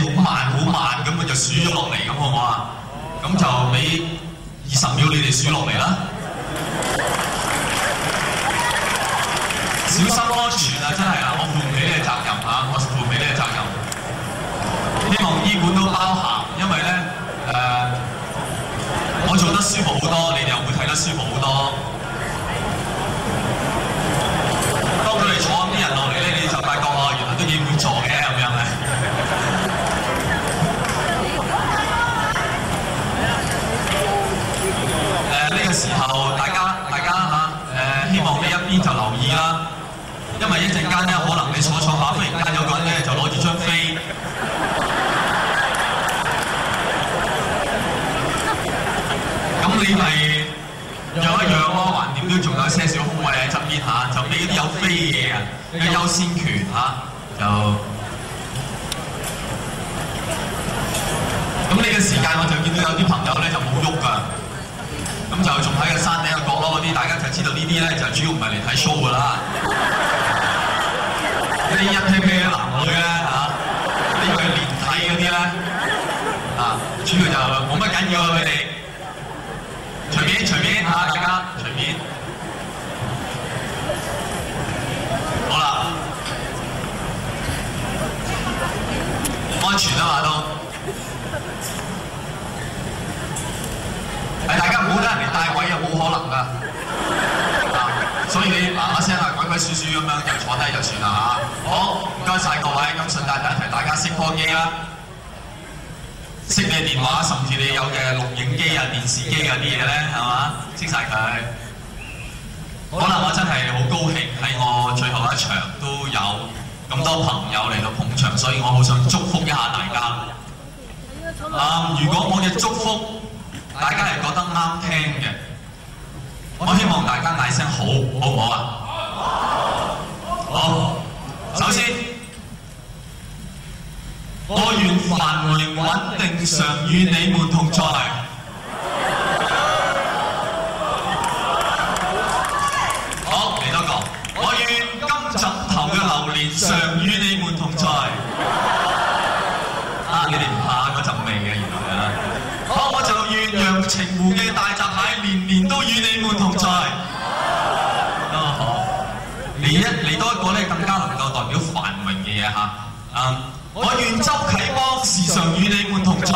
好慢好慢咁，佢就數咗落嚟咁，好唔好啊？咁就俾二十秒，你哋數落嚟啦。小心安全啊！真係啊，我負唔起呢個責任嚇、啊，我負唔起呢個責任。希望醫館都包含！因為咧誒、呃，我做得舒服好多，你哋又會睇得舒服好多。嘅優先權啊，就咁呢個時間我就見到有啲朋友咧，就冇喐㗎，咁就仲喺個山頂個角落嗰啲，大家就知道呢啲咧，就主要唔係嚟睇 show 㗎啦，啲一 pair pair 嘅男女咧嚇，啲係連體嗰啲咧，啊，主要就冇乜緊要啊佢哋。安全啊嘛都，係大家唔好等人哋帶位有冇可能㗎、 啊，所以你嗱嗱聲啊鬼鬼祟祟咁樣就坐低就算啦嚇。好唔該晒各位，咁順帶提一提，大家熄機啦、啊。熄你電話，甚至你有嘅錄影機啊、電視機啊啲嘢咧係嘛，熄晒佢。可能我真係好高興喺我最後一場都有，咁多朋友嚟到捧場，所以我好想祝福一下大家。啊、呃，如果我嘅祝福大家係覺得啱聽嘅，我希望大家嗌聲好，好唔好啊？好，首先我願繁榮穩定常與你們同在。啊、um！我願周啟邦時常與你們同在，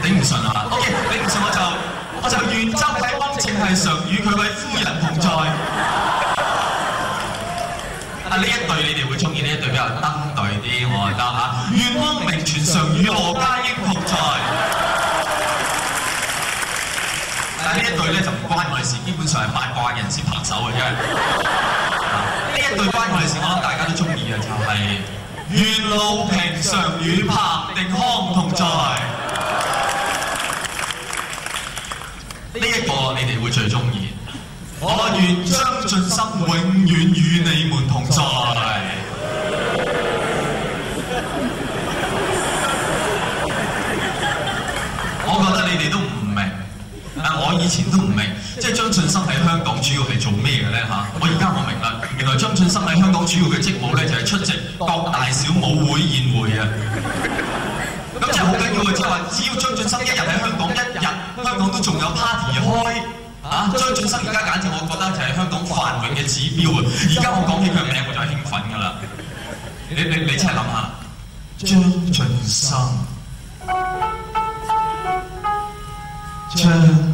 頂唔順啊！OK，頂唔順我就我就願周啟邦淨係常與佢位夫人同在。 啊！呢一對你哋會中意，呢一對比較登對啲， 我覺得嚇。願汪明荃常與羅家英同在。啊！ 呢一對咧就唔關我事，基本上係八卦人先拍手嘅真係。 對關嘅事安，我諗大家都中意嘅就係。願路平常與柏定康同在。呢、這、一個你哋會最中意。我願將盡心，永遠與你們同在。我覺得你哋都唔明，但我以前都唔明。即係張進生喺香港主要係做咩嘅咧嚇？我而家我明啦，原來張進生喺香港主要嘅職務咧就係、是、出席各大小舞會宴會啊！咁 就好緊要啊！即係話，只要張進生一日喺香港，一日香港都仲有 party 開啊，啊！張進生而家簡直我覺得就係香港繁榮嘅指標啊！而家我講起佢名字我就興奮㗎啦！你你你真係諗下張進生張，張。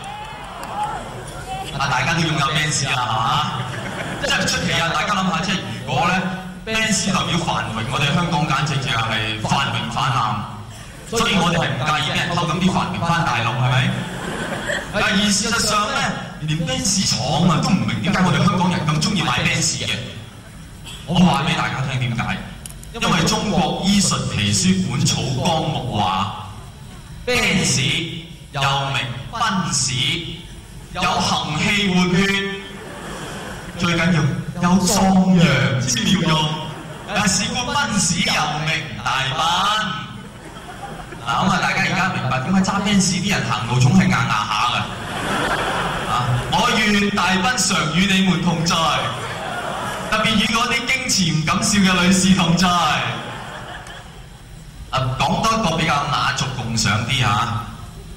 有有啊，就是 就是！大家都擁有 Benz 啦，係嘛？即係出奇啊！大家諗下，即、就、係、是、如果咧，Benz 代表繁榮，我哋香港簡直就係繁榮泛濫，所以，所以，所以我哋係唔介意俾人偷咁啲繁榮翻大陸，係咪 ？但係而事實上咧，連 Benz 廠啊都唔明點解我哋香港人咁中意買 Benz 嘅。我話俾大家聽點解，因為中國醫術奇書《本草綱目》話，Benz 又名賓士。Bans, Bans, 有行氣活血，最緊要有壯陽之妙用。但、呃、事關奔馳又名大賓，嗱，咁啊，大家而家明白點解揸奔士啲人，行路總係硬硬下嘅啊！我願大賓常與你們同在，特別與嗰啲矜持唔敢笑嘅女士同在。啊、呃，講多一個比較雅俗共賞啲吓。呃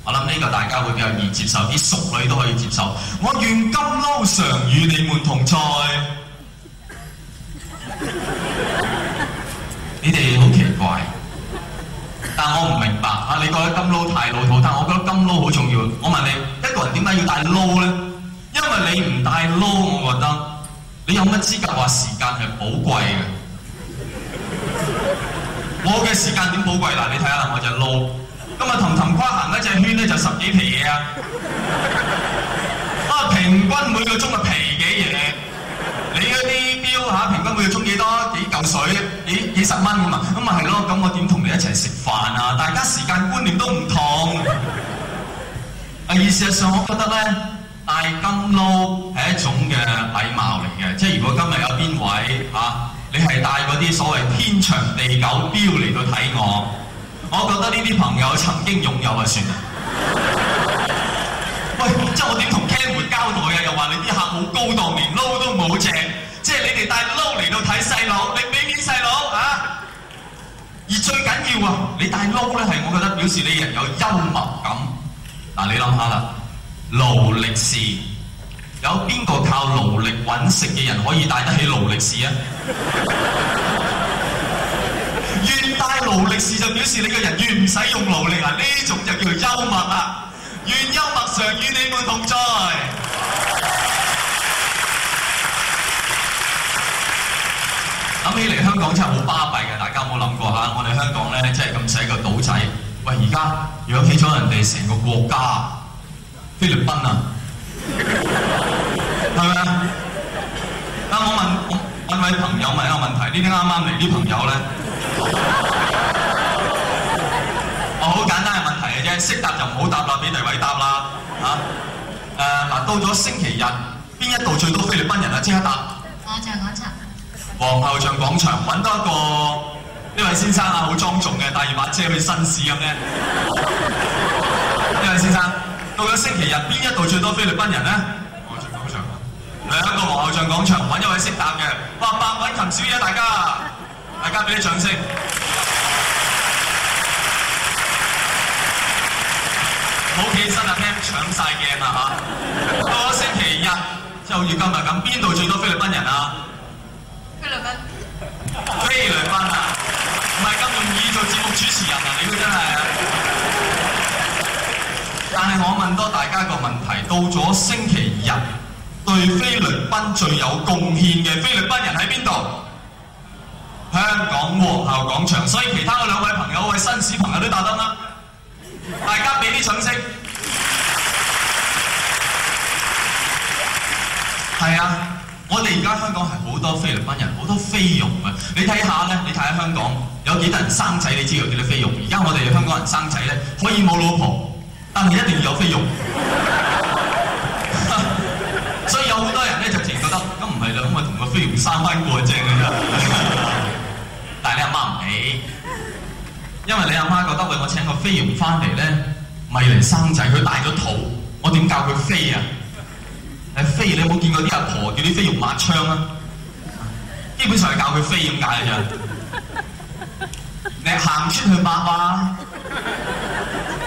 我諗呢個大家會比較易接受，啲熟女都可以接受。我願金撈常與你們同在。你哋好奇怪，但係我唔明白。啊，你覺得金撈太老土，但係我覺得金撈好重要。我問你，一個人點解要帶撈咧？因為你唔帶撈，我覺得你有乜資格話時間係寶貴嘅？我嘅時間點寶貴嗱？你睇下啦，我隻撈。咁日氹氹跨行一隻圈咧，就是、十幾皮嘢啊！啊，平均每個鐘咪皮幾嘢？你嗰啲錶平均每個鐘幾多？幾嚿水？幾，幾十蚊咁嘛？咁咪係咯？咁、嗯就是、我點同你一齊食飯啊？大家時間觀念都唔同。啊，而事實上，我覺得咧，戴金勞係一種嘅禮貌嚟嘅。即係如果今日有邊位、啊、你係戴嗰啲所謂天長地久錶嚟到睇我。我覺得呢啲朋友曾經擁有就算。喂，即係我點同 c a m 交代啊？又話你啲客好高檔，連撈都冇正，即係你哋帶撈嚟到睇細路，你俾面細路啊？而最緊要啊，你帶撈咧係，我覺得表示你人有幽默感。嗱、啊，你諗下啦，勞力士有邊個靠勞力揾食嘅人可以帶得起勞力士啊？ 越帶勞力士就表示你個人越唔使用勞力啊！呢種就叫做幽默啦。願幽默常與你們同在。諗起嚟香港真係好巴閉嘅，大家冇諗過吓。我哋香港咧真係咁細個島仔，喂而家養起咗人哋成個國家，菲律賓啊，係咪啊？啱我問我呢位朋友問一個問題，呢啲啱啱嚟啲朋友咧。我 好、哦、簡單嘅問題嘅啫，識答就唔好答啦，俾第位答啦嚇。誒、啊、嗱、啊，到咗星期日，邊一度最多菲律賓人啊？即刻答。皇后像廣場。皇后像廣場揾多一個呢位先生啊，好莊重嘅，戴住把遮，好似紳士咁咧。呢 位先生，到咗星期日，邊一度最多菲律賓人咧、啊？皇后像廣場。兩個皇后像廣場揾一位識答嘅，哇、啊！白偉琴小姐，大家。大家俾啲掌聲。好幾日啊，搶晒鏡啊嘛嚇！到咗星期日，即係好似今日咁，邊度最多菲律賓人啊？菲律賓。菲律賓啊，唔係咁容易做節目主持人啊，你都真係啊！但係我問多大家一個問題，到咗星期日，對菲律賓最有貢獻嘅菲律賓人喺邊度？香港皇后廣場，所以其他嘅兩位朋友、位紳士朋友都打燈啦，大家俾啲掌聲。係 啊，我哋而家香港係好多菲律賓人，好多菲傭啊！你睇下咧，你睇下香港有幾多人生仔，你知道有幾多菲傭。而家我哋香港人生仔咧，可以冇老婆，但係一定要有菲傭。 所以有好多人咧，就直覺得咁唔係啦，咁啊同個菲傭生翻過正啊！ 因為你阿媽覺得餵我請個菲傭翻嚟咧，咪嚟生仔，佢大咗肚，我點教佢飛啊？你飛，你冇見過啲阿婆，婆叫啲菲傭抹窗啊？基本上係教佢飛咁解嘅啫。你行出去抹嘛？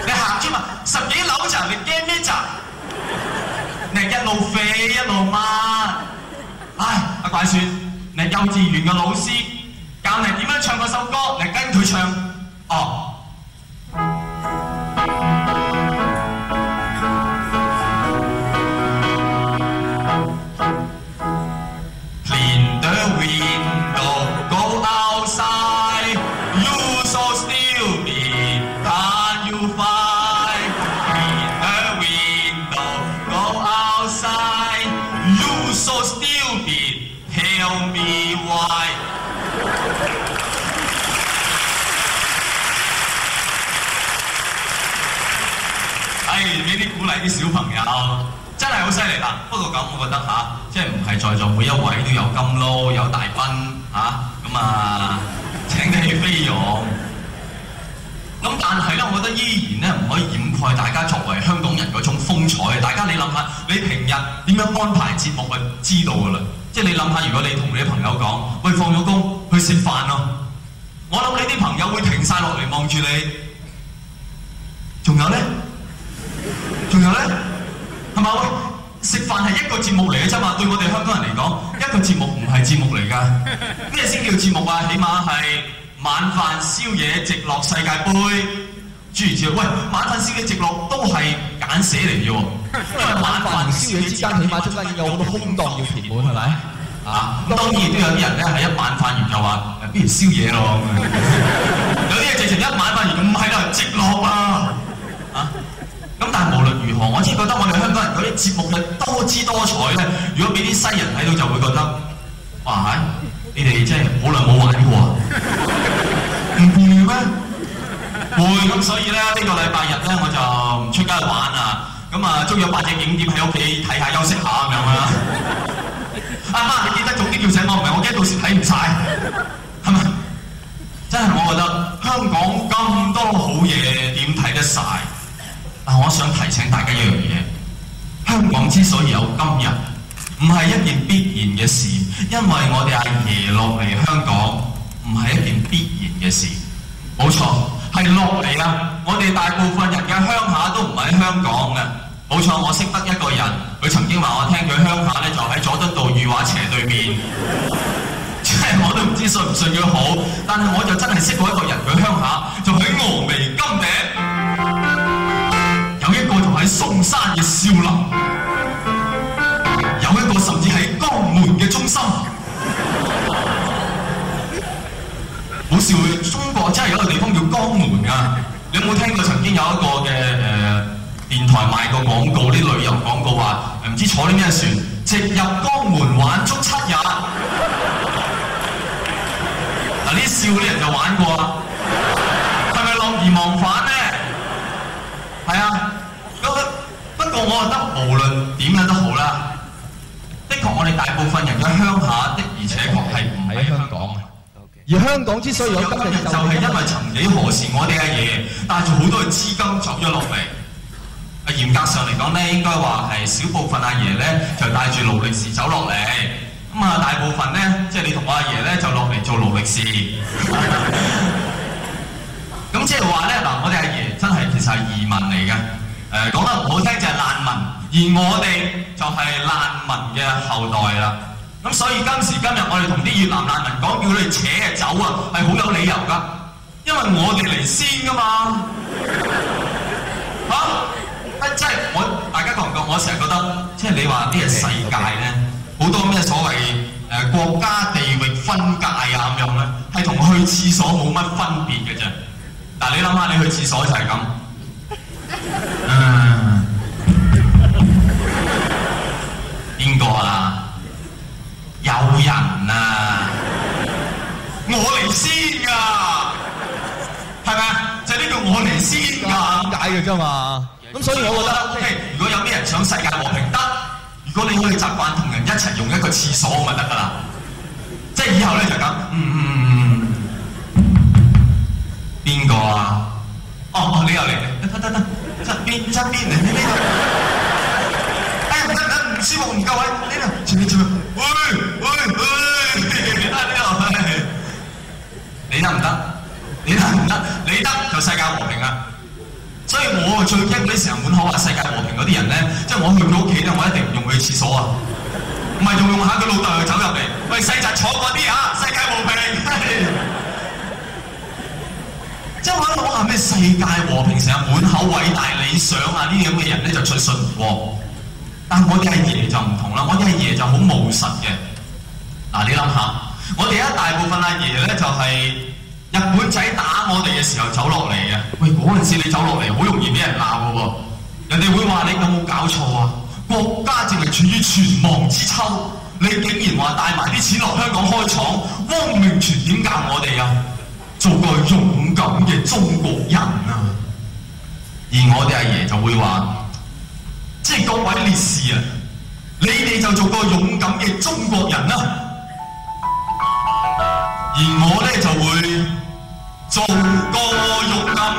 你行出嘛？十幾樓咋？你驚咩咋？你一路飛一路抹。唉、哎，阿怪算你係幼稚園嘅老師。教人點樣唱首歌，嚟跟佢唱哦。Oh. 得、啊、嚇，即係唔係在座每一位都有金勞、有大賓嚇，咁啊，啊請你飛揚。咁但係咧，我覺得依然咧唔可以掩蓋大家作為香港人嗰種風采。大家你諗下，你平日點樣安排節目咪知道㗎啦。即係你諗下，如果你同你啲朋友講，喂放咗工去食飯咯，我諗你啲朋友會停晒落嚟望住你。仲有咧，仲有咧，係咪？食飯係一個節目嚟嘅啫嘛，對我哋香港人嚟講，一個節目唔係節目嚟㗎。咩先叫節目啊？起碼係晚飯宵夜直落世界盃，諸如此類。喂，晚飯宵夜直落都係簡寫嚟嘅喎，因為晚飯宵夜之間，之間起碼出有好多空檔要填滿，係咪？啊，咁當然都有啲人咧係一晚飯完就話，不如宵夜咯。有啲嘢直情一晚飯完唔係都直落。我先覺得我哋香港人嗰啲節目嘅多姿多彩咧，如果俾啲西人睇到就會覺得，哇你哋真係好耐冇玩過不會會、這個、不玩啊，唔攰咩？攰咁，所以咧呢個禮拜日咧我就唔出街玩啦，咁啊租有八隻景點喺屋企睇下休息一下咁樣啊，阿媽，你記得早啲叫醒我唔係，我驚到時睇唔晒，係咪？真係我覺得香港咁多好嘢，點睇得晒？但我想提醒大家一樣嘢，香港之所以有今日，唔係一件必然嘅事，因為我哋阿爺落嚟香港唔係一件必然嘅事。冇錯，係落嚟啦。我哋大部分人嘅鄉下都唔喺香港嘅。冇錯，我識得一個人，佢曾經話我聽佢鄉下咧就喺佐敦道裕華斜對面，即係我都唔知信唔信佢好，但係我就真係識過一個人，佢鄉下就喺峨眉金頂。有一個就喺嵩山嘅少林，有一個甚至喺江門嘅中心，好笑！中國真係有一個地方叫江門啊！你有冇聽過曾經有一個嘅誒、呃、電台賣過廣告？啲旅遊廣告話、啊、唔知道坐啲咩船，直入江門玩足七日。嗱、啊，呢笑啲人就玩過啦，係咪樂而忘返咧？係啊。不過我覺得無論點樣都好啦，的確我哋大部分人喺鄉下，的而且確係唔喺香港。而香港之所以有今日，就係因為曾幾何時我哋阿爺帶住好多嘅資金走咗落嚟。啊，嚴格上嚟講咧，應該話係小部分阿爺咧就帶住勞力士走落嚟，咁啊大部分咧，即係你同我阿爺咧就落嚟做勞力士。咁即係話咧，嗱，我哋阿爺真係其實係移民嚟嘅。誒講得唔好聽就係難民，而我哋就係難民嘅後代啦。咁所以今時今日，我哋同啲越南難民講叫佢哋扯啊走啊，係好有理由㗎。因為我哋嚟先㗎嘛，嚇！即係我大家覺唔覺？我成日覺得，即係你話啲世界咧，好多咩所謂誒國家地域分界啊咁樣咧，係同去廁所冇乜分別㗎啫。嗱，你諗下，你去廁所就係咁。 嗯，邊個啊？有人啊？我嚟先噶，係咪啊？是就呢、是、度我嚟先噶、啊、點、啊、解嘅啫嘛？咁所以我覺得，OK，如果有啲人想世界和平得， 如果你可以習慣同人一齊用一個廁所咁咪得噶啦，即、就、係、是、以後咧就咁。嗯嗯嗯嗯嗯，邊個啊？哦、oh, oh，你又嚟？得得得，側邊側邊嚟，你變唔得得得，唔希望唔夠位，你呢？黐咪黐咪，喂喂喂，你得唔得？你得唔得？你得就世界和平啊！所以我最驚嗰啲成日滿口話世界和平嗰啲人咧，即係我去到屋企咧，我一定唔用佢嘅廁所啊！唔係仲用下佢老豆又走入嚟，喂，細侄坐過啲啊，世界和平。即係我諗下咩世界和平，成日滿口偉大理想啊，呢啲咁嘅人咧就信唔過。但我啲阿爺就唔同啦、啊，我啲阿爺就好務實嘅。嗱，你諗下，我哋一大部分阿爺咧就係日本仔打我哋嘅時候走落嚟嘅。喂，嗰陣時你走落嚟，好容易俾人鬧㗎喎。人哋會話你有冇搞錯啊？國家正係處於存亡之秋，你竟然話帶埋啲錢落香港開廠，汪明荃點教我哋啊？做個勇敢嘅中國人啊！而我哋阿爺就會話：即係各位烈士啊，你哋就做個勇敢嘅中國人啦、啊。而我呢就會做個勇敢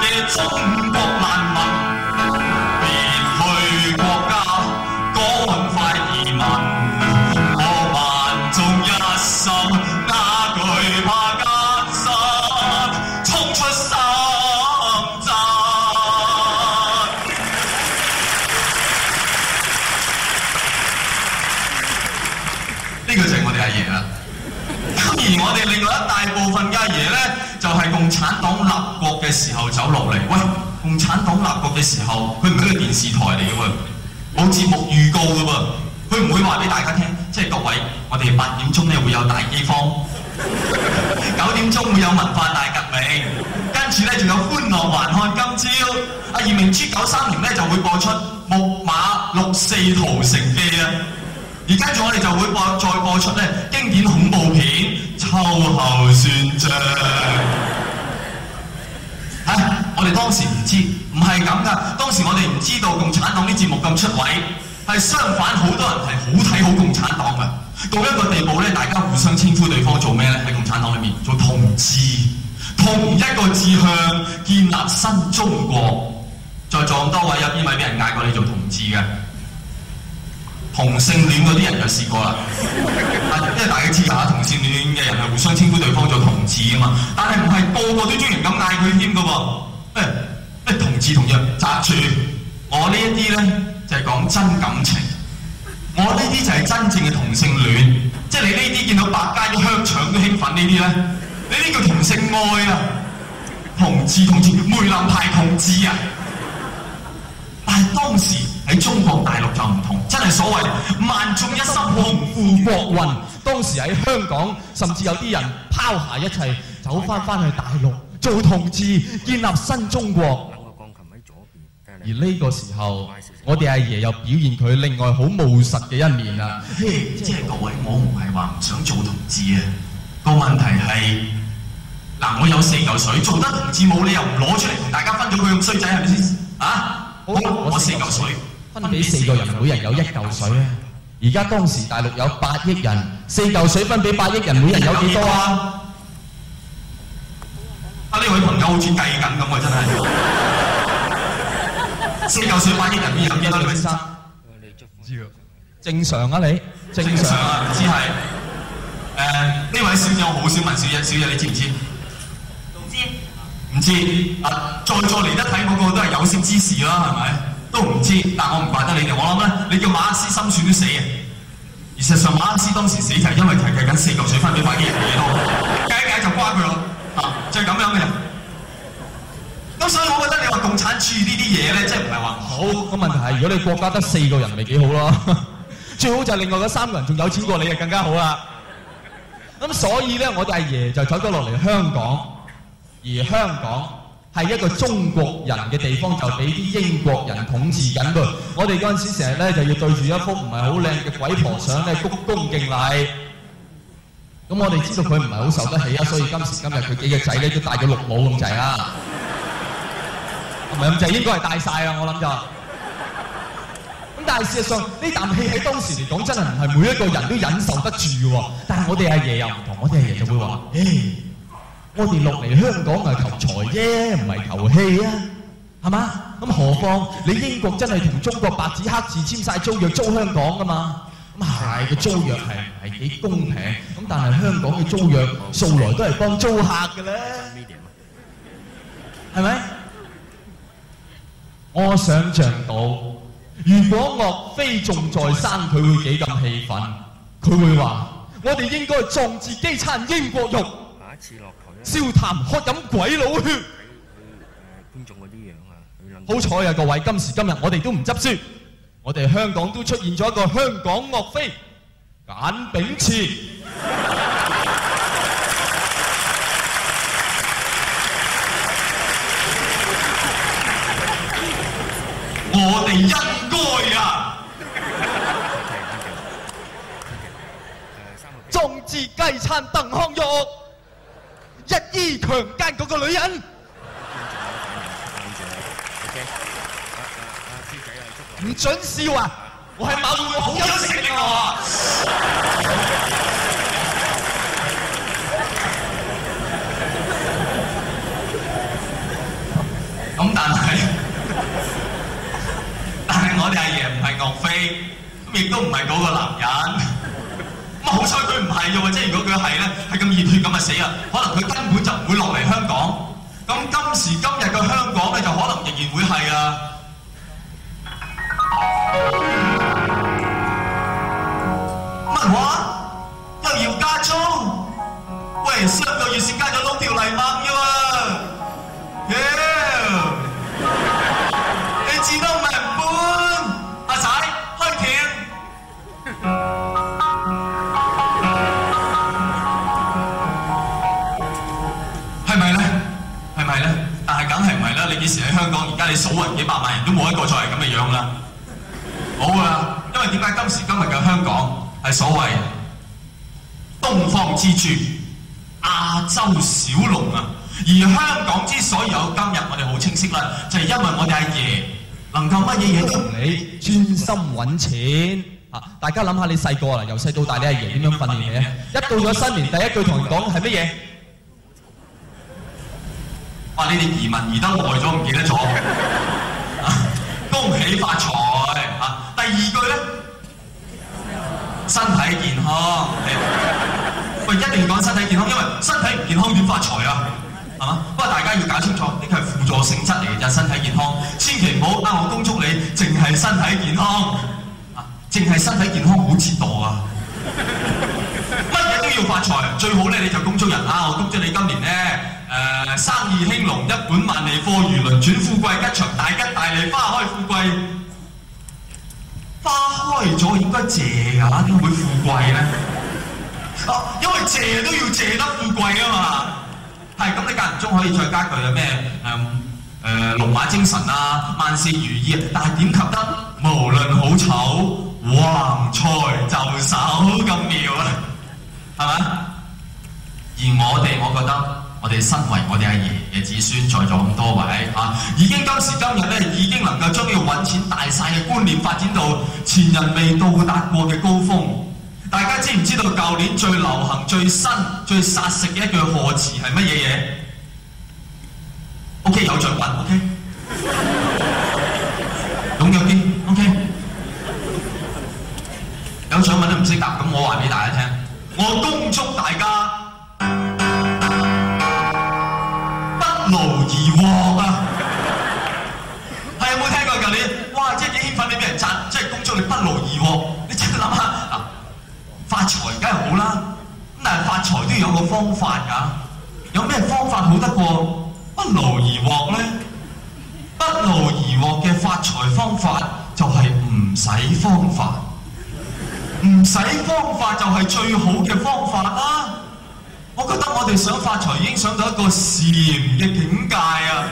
嘅中國難民。產黨立國嘅時候走落嚟，喂！共產黨立國嘅時候，佢唔係一個電視台嚟嘅喎，冇節目預告嘅噃，佢唔會話俾大家聽，即係各位，我哋八點鐘呢會有大饑荒，九點鐘會有文化大革命，跟住呢仲有歡樂還看今朝，二明珠九三年呢就會播出牧馬六四屠城記啊，而跟住我哋就會再播出呢經典恐怖片秋後算賬。啊、我哋當時唔知，唔係咁噶。當時我哋唔知道共產黨啲節目咁出位，係相反，好多人係好睇好共產黨噶。到一個地步咧，大家互相稱呼對方做咩咧？喺共產黨裏面做同志，同一個志向建立新中國。在座咁多位有邊位俾人嗌過你做同志嘅？同性戀嗰啲人就試過啦，因為大家知道同性戀嘅人係互相稱呼對方做同志噶嘛，但係唔係個個都中意咁嗌佢添噶喎，誒同志同志，擲住我呢一啲咧就係、是、講真感情，我呢啲就係真正嘅同性戀，即係你呢啲見到百佳嘅香腸都興奮呢啲咧，你呢叫同性愛啊，同志同志梅林派同志啊，但係當時。喺中國大陸就唔同，真係所謂萬眾一心，共赴國運。當時喺香港，甚至有啲人拋下一切，走翻翻去大陸做同志，建立新中國。兩個鋼琴喺左邊，而呢個時候，我哋阿爺又表現佢另外好務實嘅一面啦。即係各位，我唔係話唔想做同志啊。個問題係，嗱，我有四嚿水，做得同志冇理由唔攞出嚟，同大家分咗佢咁衰仔係咪先？啊，好，我四嚿水。分俾四個人，每人有一嚿水咧。而家當時大陸有八億人，四嚿水分俾八億人，每人有幾多啊？啊！呢位朋友好似計緊咁喎，真係。四嚿水八億人，邊有幾多？呢位先生，我哋唔知喎。正常啊，你正常啊，唔知係誒？呢位小姐，我好少問小姐，小姐你知唔知？唔知，唔知啊！再再嚟得睇嗰個都係有識之士啦，係咪？都唔知，但我唔怪得你哋。我諗咧，你叫馬克思心算都死嘅。而事實上，馬克思當時死就係因為計計緊四嚿水分俾返啲人嘅嘢咯。計計就瓜佢咯，啊，就係、是、咁樣嘅人。咁所以，我覺得你話共產主義呢啲嘢咧，即係唔係話好？個問題係，如果你國家得四個人，咪幾好咯？ 最好就另外嗰三個人仲有錢過你，就更加好啦。咁所以咧，我哋阿爺，爺就走咗落嚟香港，而香港。係一個中國人嘅地方，就俾啲英國人統治緊㗎。我哋嗰陣時成日咧就要對住一幅唔係好靚嘅鬼婆相咧，鞠躬敬禮。咁我哋知道佢唔係好受得起啊，所以今時今日佢幾個仔咧都戴咗綠帽咁滯啦。唔係咁滯，應該係戴曬啊！我諗就咁，但係事實上呢啖氣喺當時嚟講真係唔係每一個人都忍受得住喎。但係我哋阿爺又唔同，我哋阿爺就會話：，誒。我哋落嚟香港係求財啫，唔係求氣啊，係嘛？咁何況你英國真係同中國白紙黑字簽晒租約租香港噶嘛？咁係個租約係唔係幾公平咁，但係香港嘅租約素來都係幫租客嘅咧，係咪？我想像到，如果岳飛仲在生，佢會幾咁氣憤，佢會話：我哋應該壯志飢餐英國肉。下一次來。笑談喝飲鬼佬血，觀眾啲樣，好彩啊！各位今時今日，我哋都唔執輸，我哋香港都出現咗一個香港岳飛簡炳慈，我哋應該啊，種子雞餐鄧康玉。一衣強姦嗰個女人，唔准笑啊！我係馬路好優勝嘅我啊！咁但係，但係我哋阿爺唔係岳飛，亦都唔係嗰個男人。咁好彩佢唔係喎，即係如果佢係咧，係咁熱血咁咪死啦！可能佢根本就唔會落嚟香港。咁今時今日嘅香港咧，就可能仍然會係啊！乜話？又要加租？喂，三個月先加咗六條泥鯭啫嘛？耶、yeah!！你數人幾百萬人都冇一個再係咁嘅樣啦，好啦，因為點解今時今日嘅香港係所謂東方之珠、亞洲小龍啊？而香港之所以有今日，我哋好清晰啦，就係因為我哋阿爺能夠乜嘢嘢都唔理，專心揾錢啊！大家諗下，你細個啦，由細到大，你阿爺點樣訓練你？一到咗新年，第一句同人講係乜嘢？發呢啲移民移得耐咗，唔記得咗。恭 喜發財啊！第二句咧，身體健康。 喂，一定要講身體健康，因為身體唔健康點發財啊？係 嘛？不過大家要搞清楚，呢個係輔助性質嚟㗎，身體健康。千祈唔好得我恭祝你，淨係身體健康。啊，淨係身體健康好折墮啊！乜 嘢都要發財，最好咧你就恭祝人啊！我恭祝你今年咧。誒、呃，生意興隆，一本萬利，貨如輪轉，富貴吉祥，大吉大利，花開富貴。花開咗應該謝噶，點會富貴咧？哦、啊，因為謝都要謝得富貴啊嘛。係咁，你間唔中可以再加句咩？誒誒，嗯呃、龍馬精神啊，萬事如意啊。但係點及得？無論好醜，橫財就手咁妙啊，係咪？而我哋，我覺得。我哋身為我哋阿爺嘅子孫，在座咁多位、啊、已經今時今日咧，已經能夠將要搵錢大晒嘅觀念發展到前人未到達過嘅高峰。大家知唔知道舊年最流行最新最殺食嘅一句賀詞係乜嘢嘢？OK，有獎品，OK，講有啲，OK，有獎品都唔識答，咁我話俾大家聽，我恭祝大家。旺啊！係有冇聽過的？近年，哇，即係幾興奮！你俾人賺，即係工作你不勞而獲。你真係諗下，嗱、啊，發財梗係好啦，咁但係發財都要有個方法噶。有咩方法好得過不勞而獲咧？不勞而獲嘅發財方法就係唔使方法，唔使方法就係最好嘅方法啦、啊。我覺得我哋想發財已經想到一個禪嘅境界啊！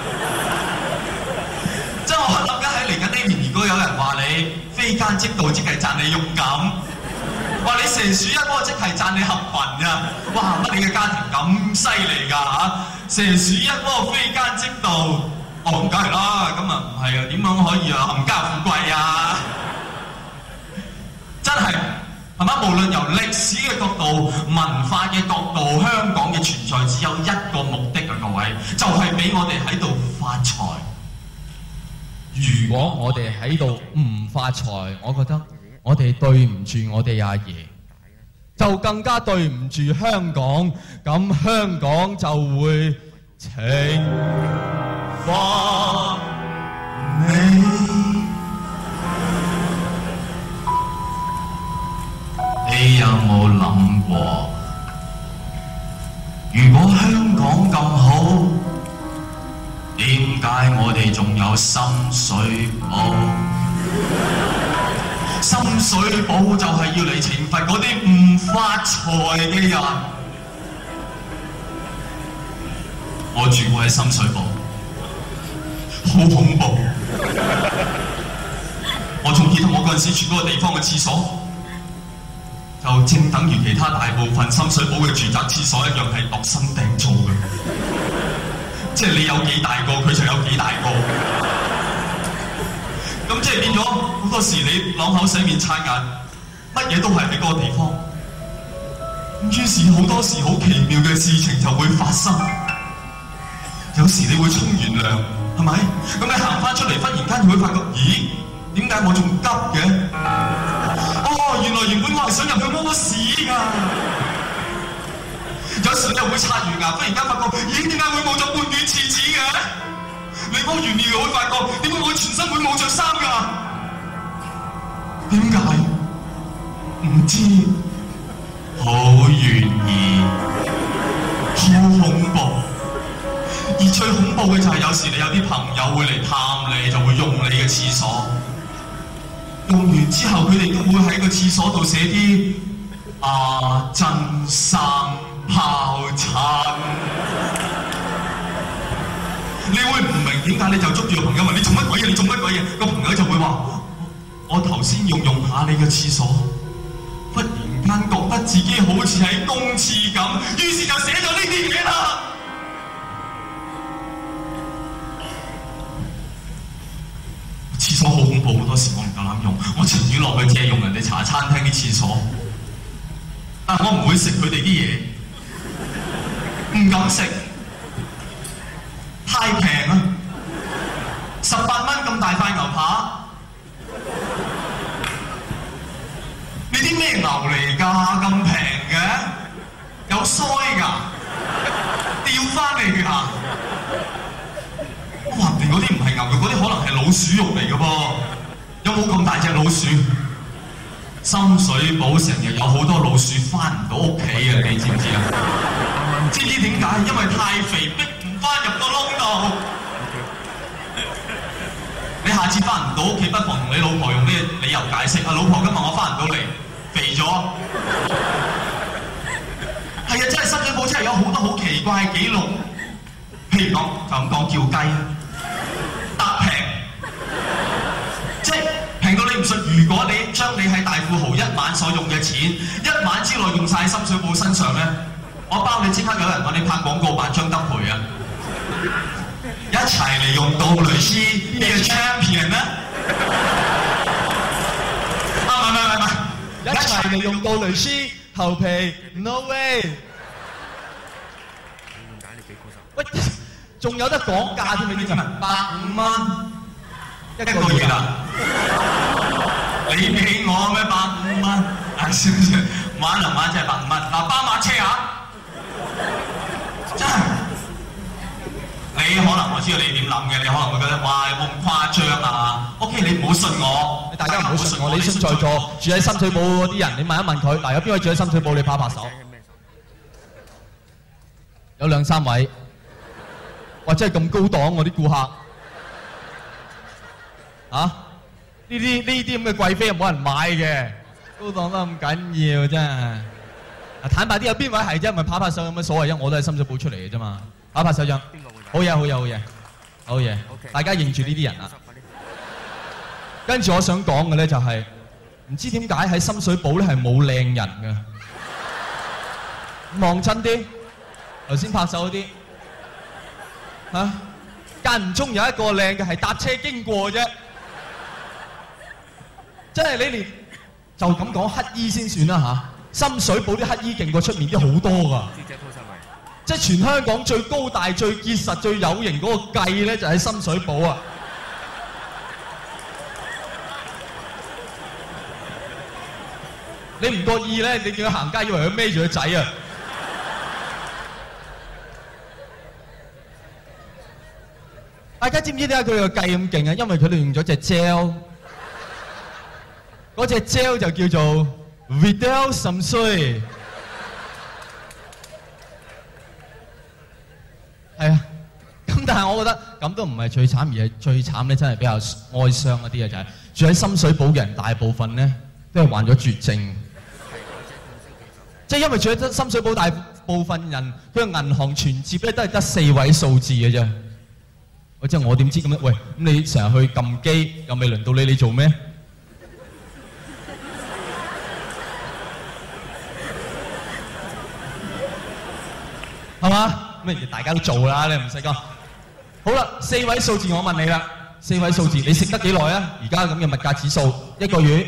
即 係我喺諗緊喺嚟緊呢年，如果有人話你非奸即盜即係讚你勇敢，話 你蛇鼠一窩即係讚你合群啊！哇！乜你嘅家庭咁犀利㗎嚇？蛇鼠一窩非奸即盜，憨居啦！咁啊唔係啊，點樣可以啊冚家富貴啊？真係。係咪？無論由歷史嘅角度、文化嘅角度，香港嘅存在只有一個目的啊！各位，就係、是、俾我哋喺度發財。如果我哋喺度唔發財，我覺得我哋對唔住我哋阿爺，爺，就更加對唔住香港，咁香港就會請你。你有冇諗過，如果香港咁好，點解我哋仲有深水埗？深水埗就係要嚟懲罰嗰啲唔發財嘅人。我住過喺深水埗，好恐怖。我仲記得我嗰陣時住嗰個地方嘅廁所。就正等於其他大部分深水埗嘅住宅廁所一樣，係度身定做嘅， 即係你有幾大個，佢就有幾大個。咁即係變咗好多時，你朗口洗面刷牙，乜嘢都係喺嗰個地方。於是好多時好奇妙嘅事情就會發生。有時你會沖完涼，係咪？咁你行翻出嚟，忽然間就會發覺，咦？點解我仲急嘅？哦，原來原本我係想入去摸屎㗎。有時你又會刷完牙，忽然間發覺咦，點解會冇咗半卷廁紙嘅？你摸完你又會發覺點解我全身會冇著衫㗎？點解？唔知道。好懸疑，好恐怖。而最恐怖嘅就係有時你有啲朋友會嚟探你，就會用你嘅廁所。用完之後，佢哋都會喺個廁所度寫啲啊真生炮塵。 你會唔明點解，你就捉住個朋友 你問，你做乜鬼嘢？你做乜鬼嘢？個朋友就會話：我我頭先用用下你嘅廁所，忽然間覺得自己好似喺公廁咁，於是就寫咗呢啲嘢啦。廁所好恐怖，好多時我唔夠膽用，我情願落去只係用人哋茶餐廳啲廁所。但我唔會食佢哋啲嘢，唔敢食，太平啦！十八蚊咁大塊牛扒，你啲咩牛嚟㗎？咁平嘅，有衰㗎，掉翻嚟㗎！我話，連嗰啲唔係。牛肉嗰啲可能係老鼠肉嚟嘅噃，有冇咁大隻老鼠？深水埗成日有好多老鼠翻唔到屋企啊，okay. 你知唔知啊？ 知唔知點解？因為太肥，逼唔翻入個窿度。你下次翻唔到屋企，不妨同你老婆用咩理由解釋啊！老婆，今日我翻唔到嚟，肥咗。係 啊，真係深水埗真係有好多好奇怪嘅記錄，譬如講，就咁講叫雞。特平，即係平到你唔信。如果你將你喺大富豪一晚所用嘅錢，一晚之內用曬深水埗身上咧，我包你即刻有人揾你拍廣告扮張德培啊！一齊嚟用杜蕾斯，邊個 champion 啊？唔係，唔係，唔係，一齊嚟用杜蕾斯頭皮，no way！我。仲有得講價添，你啲就係百五蚊一個月啦！你俾我咩？百五蚊，算唔算？買能買真係百五蚊。嗱，斑馬車啊，真係你可能我知道你點諗嘅，你可能會覺得哇咁誇張啊嘛。OK，你唔好信我，你大家唔好信我。你身在座住喺深水埗嗰啲人，你問一問佢，嗱有邊位住喺深水埗？你拍一拍手，有兩三位。哇！真係咁高檔我啲顧客，嚇呢啲呢啲咁嘅貴妃又冇人買嘅，高檔得咁緊要真係。啊，坦白啲有邊位係啫？唔係拍拍手咁嘅所謂啫？我都係深水埗出嚟嘅啫嘛。拍拍手掌，好嘢，好嘢，好嘢，好嘢。大家認住呢啲人啦。跟住我想講嘅咧就係，唔知點解喺深水埗咧係冇靚人嘅。望親啲頭先拍手嗰啲。嚇、啊，間唔中有一個靚嘅係搭車經過啫， 真係你連就咁講乞衣先算啦嚇、啊。深水埗啲乞衣勁過出面啲好多㗎， 即係全香港最高大、最結實、最有型嗰個計咧，就喺、是、深水埗啊！ 你唔覺意咧，你見佢行街，以為佢孭住個仔啊！大家知唔知點解佢個計咁勁啊？因為佢哋用咗隻 gel，嗰隻 gel 就叫做 Vidal Sassoon。係啊，咁但係我覺得咁都唔係最慘，而係最慘咧，真係比較哀傷嗰啲嘢就係住喺深水埗嘅人，大部分咧都係患咗絕症。即係因為住喺深水埗，大部分人佢嘅銀行存摺咧都係得四位數字嘅啫。我即係我點知咁樣？喂，咁你成日去撳機，又未輪到你，你做咩？係嘛？乜嘢大家都做啦，你唔使講。好啦，四位數字我問你啦。四位數字你食得幾耐啊？而家咁嘅物價指數，一個月、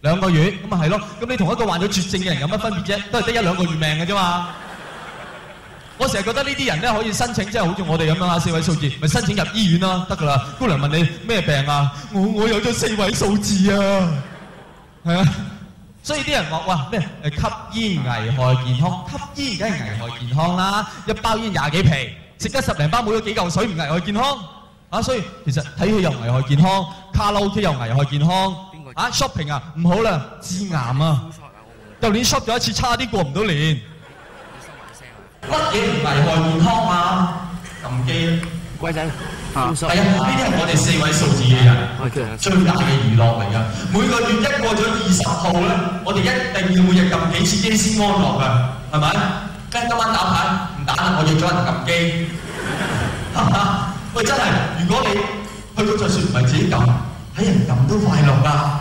兩個月，咁咪係咯。咁你同一個患咗絕症嘅人有乜分別啫？都係得一兩個月命嘅啫嘛。我成日覺得呢啲人咧可以申請，即係好似我哋咁樣啊，四位數字咪申請入醫院啦，得噶啦。姑娘問你咩病啊？我我有咗四位數字啊，係啊。所以啲人話哇咩？吸煙危害健康，吸煙梗係危害健康啦。一包煙廿幾皮，食得十零包冇咗幾嚿水，唔危害健康啊？所以其實睇戲又危害健康，卡拉 OK 又危害健康啊？Shopping 啊，唔好啦，致癌啊！舊年 shop 咗一次，差啲過唔到年。乜嘢唔危害健康啊？撳機咧，乖仔，係啊，呢啲係我哋四位數字嘅人，啊、okay，最大嘅娛樂嚟噶。每個月一過咗二十號咧，我哋一定要每日撳幾次機先安樂噶，係咪？跟今晚打牌唔打啦，我約咗人撳機，哈 哈。喂，真係，如果你去到就算唔係自己撳，睇人撳都快樂噶，啊，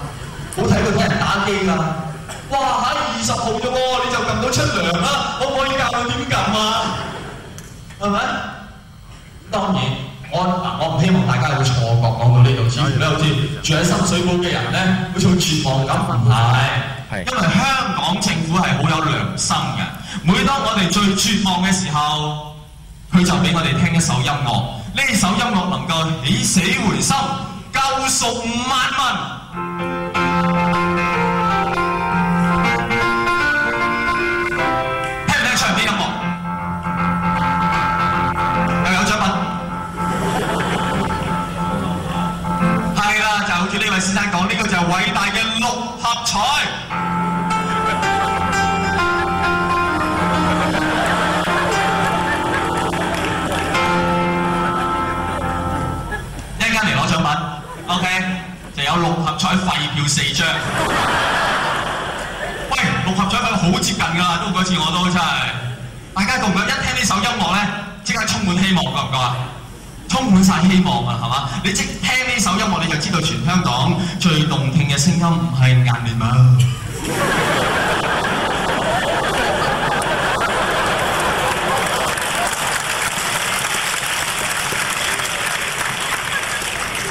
好睇佢睇人打機噶。哇！喺二十號啫喎，你就撳到出糧啦，可唔可以教我點撳啊？係咪？當然，我嗱，我唔希望大家會錯覺講到呢度，似乎咧好似住喺深水埗嘅人咧，好似好絕望咁。唔係，因為香港政府係好有良心嘅。每當我哋最絕望嘅時候，佢就俾我哋聽一首音樂。呢首音樂能夠起死回生，救數萬民。就有六合彩廢票四張，喂，六合彩份好接近㗎，都嗰次我都真係，大家覺唔覺一聽呢首音樂咧，即刻充滿希望，覺唔覺啊？充滿晒希望啊，係嘛？你即聽呢首音樂你就知道全香港最動聽嘅聲音唔係眼面嗎？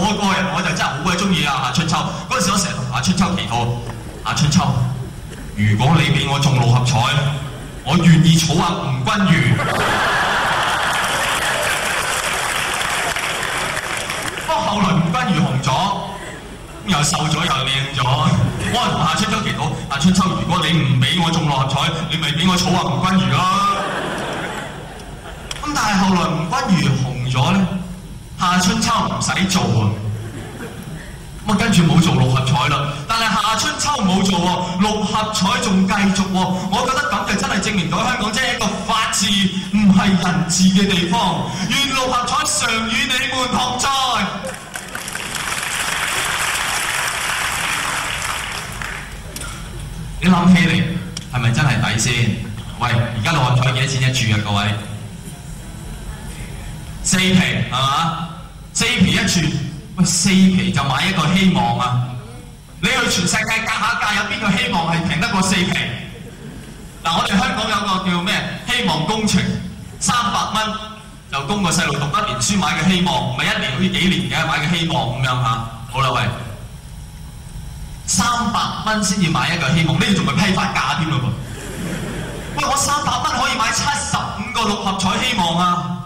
我個人我就真係好鬼中意啊，夏春秋，嗰陣時我成日同夏春秋祈禱。夏春秋，如果你俾我中六合彩，我願意儲下吳君如。不 過後來吳君如紅咗，又瘦咗又靚咗，我又同夏春秋祈禱。夏春秋，如果你唔俾我中六合彩，你咪俾我儲下吳君如咯。咁 但係後來吳君如紅咗咧。呢夏春秋唔使做啊，咁啊跟住冇做六合彩啦。但係夏春秋冇做喎啊，六合彩仲繼續喎啊。我覺得咁就真係證明咗香港真係一個法治唔係人治嘅地方。願六合彩常與你們同在。你諗起嚟係咪真係抵先？喂，而家六合彩幾多錢一注啊？各位，四平係嘛？是吧？四皮一串，喂，四皮就買一個希望啊！你去全世界夾下價，有邊個希望係平得過四皮？嗱，我哋香港有個叫咩希望工程，三百蚊就供個細路讀一年書，買個希望，唔係一年好似幾年嘅買個希望咁樣嚇。好啦，喂，三百蚊先至買一個希望，呢度仲係批發價添咯噃。喂，我三百蚊可以買七十五個六合彩希望啊！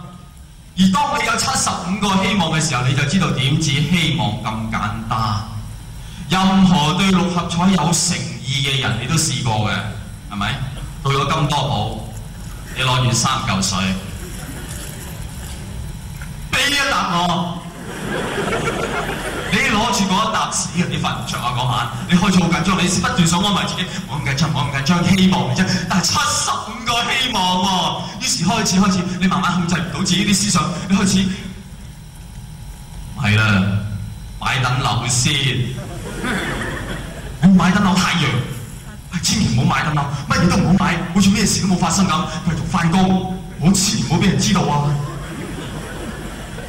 而當你有七十五個希望嘅時候，你就知道點止希望咁簡單。任何對六合彩有誠意嘅人，你都試過嘅，係咪？到咗金多寶，你攞完三嚿水，俾人我。 你攞住嗰一沓屎，你瞓唔著啊嗰晚，你開始好緊張，你不斷想安慰自己，我唔緊張，我唔緊張，希望啫，但係七十五個希望喎，啊，於是開始開始，你慢慢控制唔到自己啲思想，你開始係啦，買等樓先，我 買等樓太陽，千祈唔好買等樓，乜嘢都唔好買，好似咩事都冇發生咁，繼續翻工，好遲唔好俾人知道啊，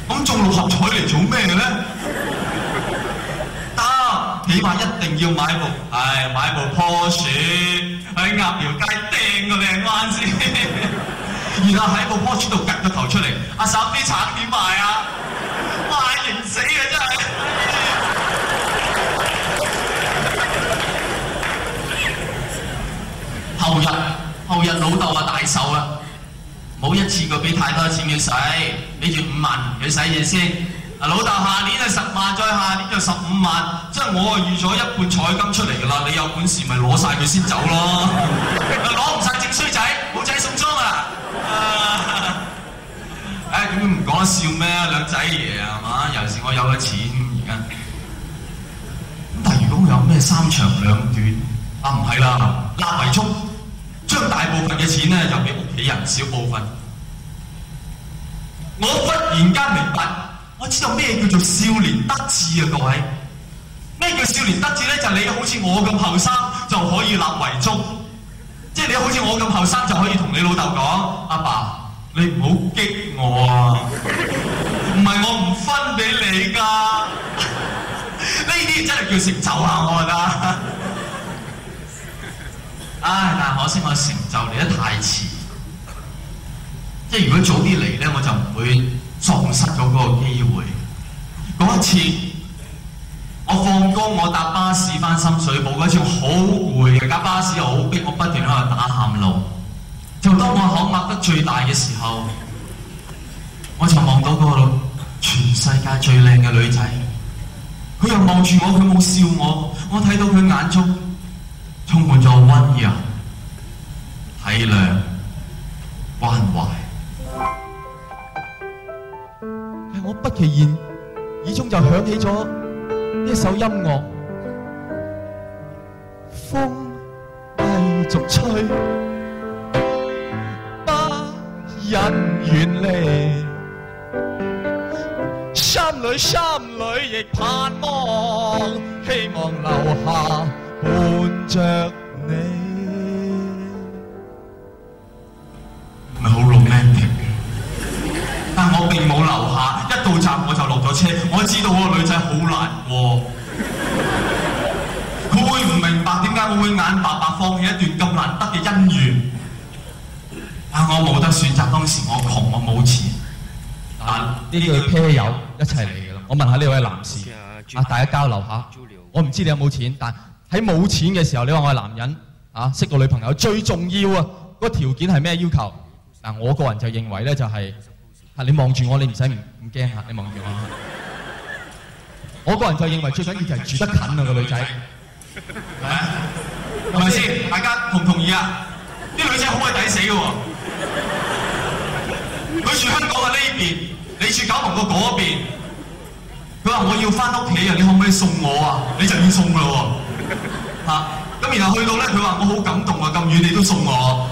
咁中六合彩嚟做咩嘅咧？起碼一定要買部，唉，買部 Porsche 喺鴨寮街掟個靚彎先，然後喺部 Porsche 度夾個頭出嚟，阿嬸啲橙點賣啊？賣型死啊！真係。後日後日老豆話大手啦，冇一次過俾太多錢佢使，俾住五萬佢使嘢先。啊！老豆下年就十萬，再下年就十五萬，即係我啊預咗一半彩金出嚟㗎啦！你有本事咪攞晒佢先走咯，攞唔晒正衰仔，冇仔送終啊！誒、 哎，點解唔講笑咩？兩仔爺係嘛？尤其是我有咗錢而家，但係如果我有咩三長兩短啊，唔係啦，立遺囑，將大部分嘅錢咧，就俾屋企人，少部分，我忽然間明白。我知道咩叫做少年得志啊，各位？咩叫少年得志咧？就係、你好似我咁後生就可以立遺囑，即、就、係、係、你好似我咁後生就可以同你老豆講：阿 爸，爸，你唔好激我啊！唔係我唔分俾你噶，呢 啲真係叫成就下啊！我覺得。唉，但係可惜我成就嚟得太遲，即係如果早啲嚟咧，我就唔會。撞失咗嗰個機會。嗰一次，我放工我搭巴士翻深水埗，嗰次我好攰嘅，架巴士又好逼，我不斷喺度打喊路。就當我口擘得最大嘅時候，我就望到嗰個全世界最靚嘅女仔。佢又望住我，佢冇笑我。我睇到佢眼中充滿咗溫柔、體諒、關懷。我不其然，耳中就響起咗一首音樂。風繼續吹，不忍遠離，心裏心裏亦盼望，希望留下伴著你。唔係好 romantic 嘅，但我並冇留下。到站我就落咗車。我知道嗰個女仔好難過，佢 會唔明白點解我會眼白白放棄一段咁難得嘅姻緣？啊，我冇得選擇，當時我窮，我冇錢嗱。呢啲啤友一齊嚟嘅啦。我問下呢位男士啊，大家交流下。啊、我唔知你有冇錢，但喺冇錢嘅時候，你話我係男人啊，識個女朋友最重要啊。個條件係咩要求嗱、啊？我個人就認為咧，就係、是、係、啊、你望住我，你唔使唔～唔驚嚇，你望住我。我個人就認為最緊要就係住得近啊，個女仔，係咪啊？係咪先？大家同唔同意啊？啲女仔好鬼抵死嘅喎，佢住香港嘅呢邊，你住九龍嘅嗰邊。佢話我要翻屋企啊，你可唔可以送我啊？你就要送啦喎，嚇。咁然後去到咧，佢話我好感動啊，咁遠你都送我。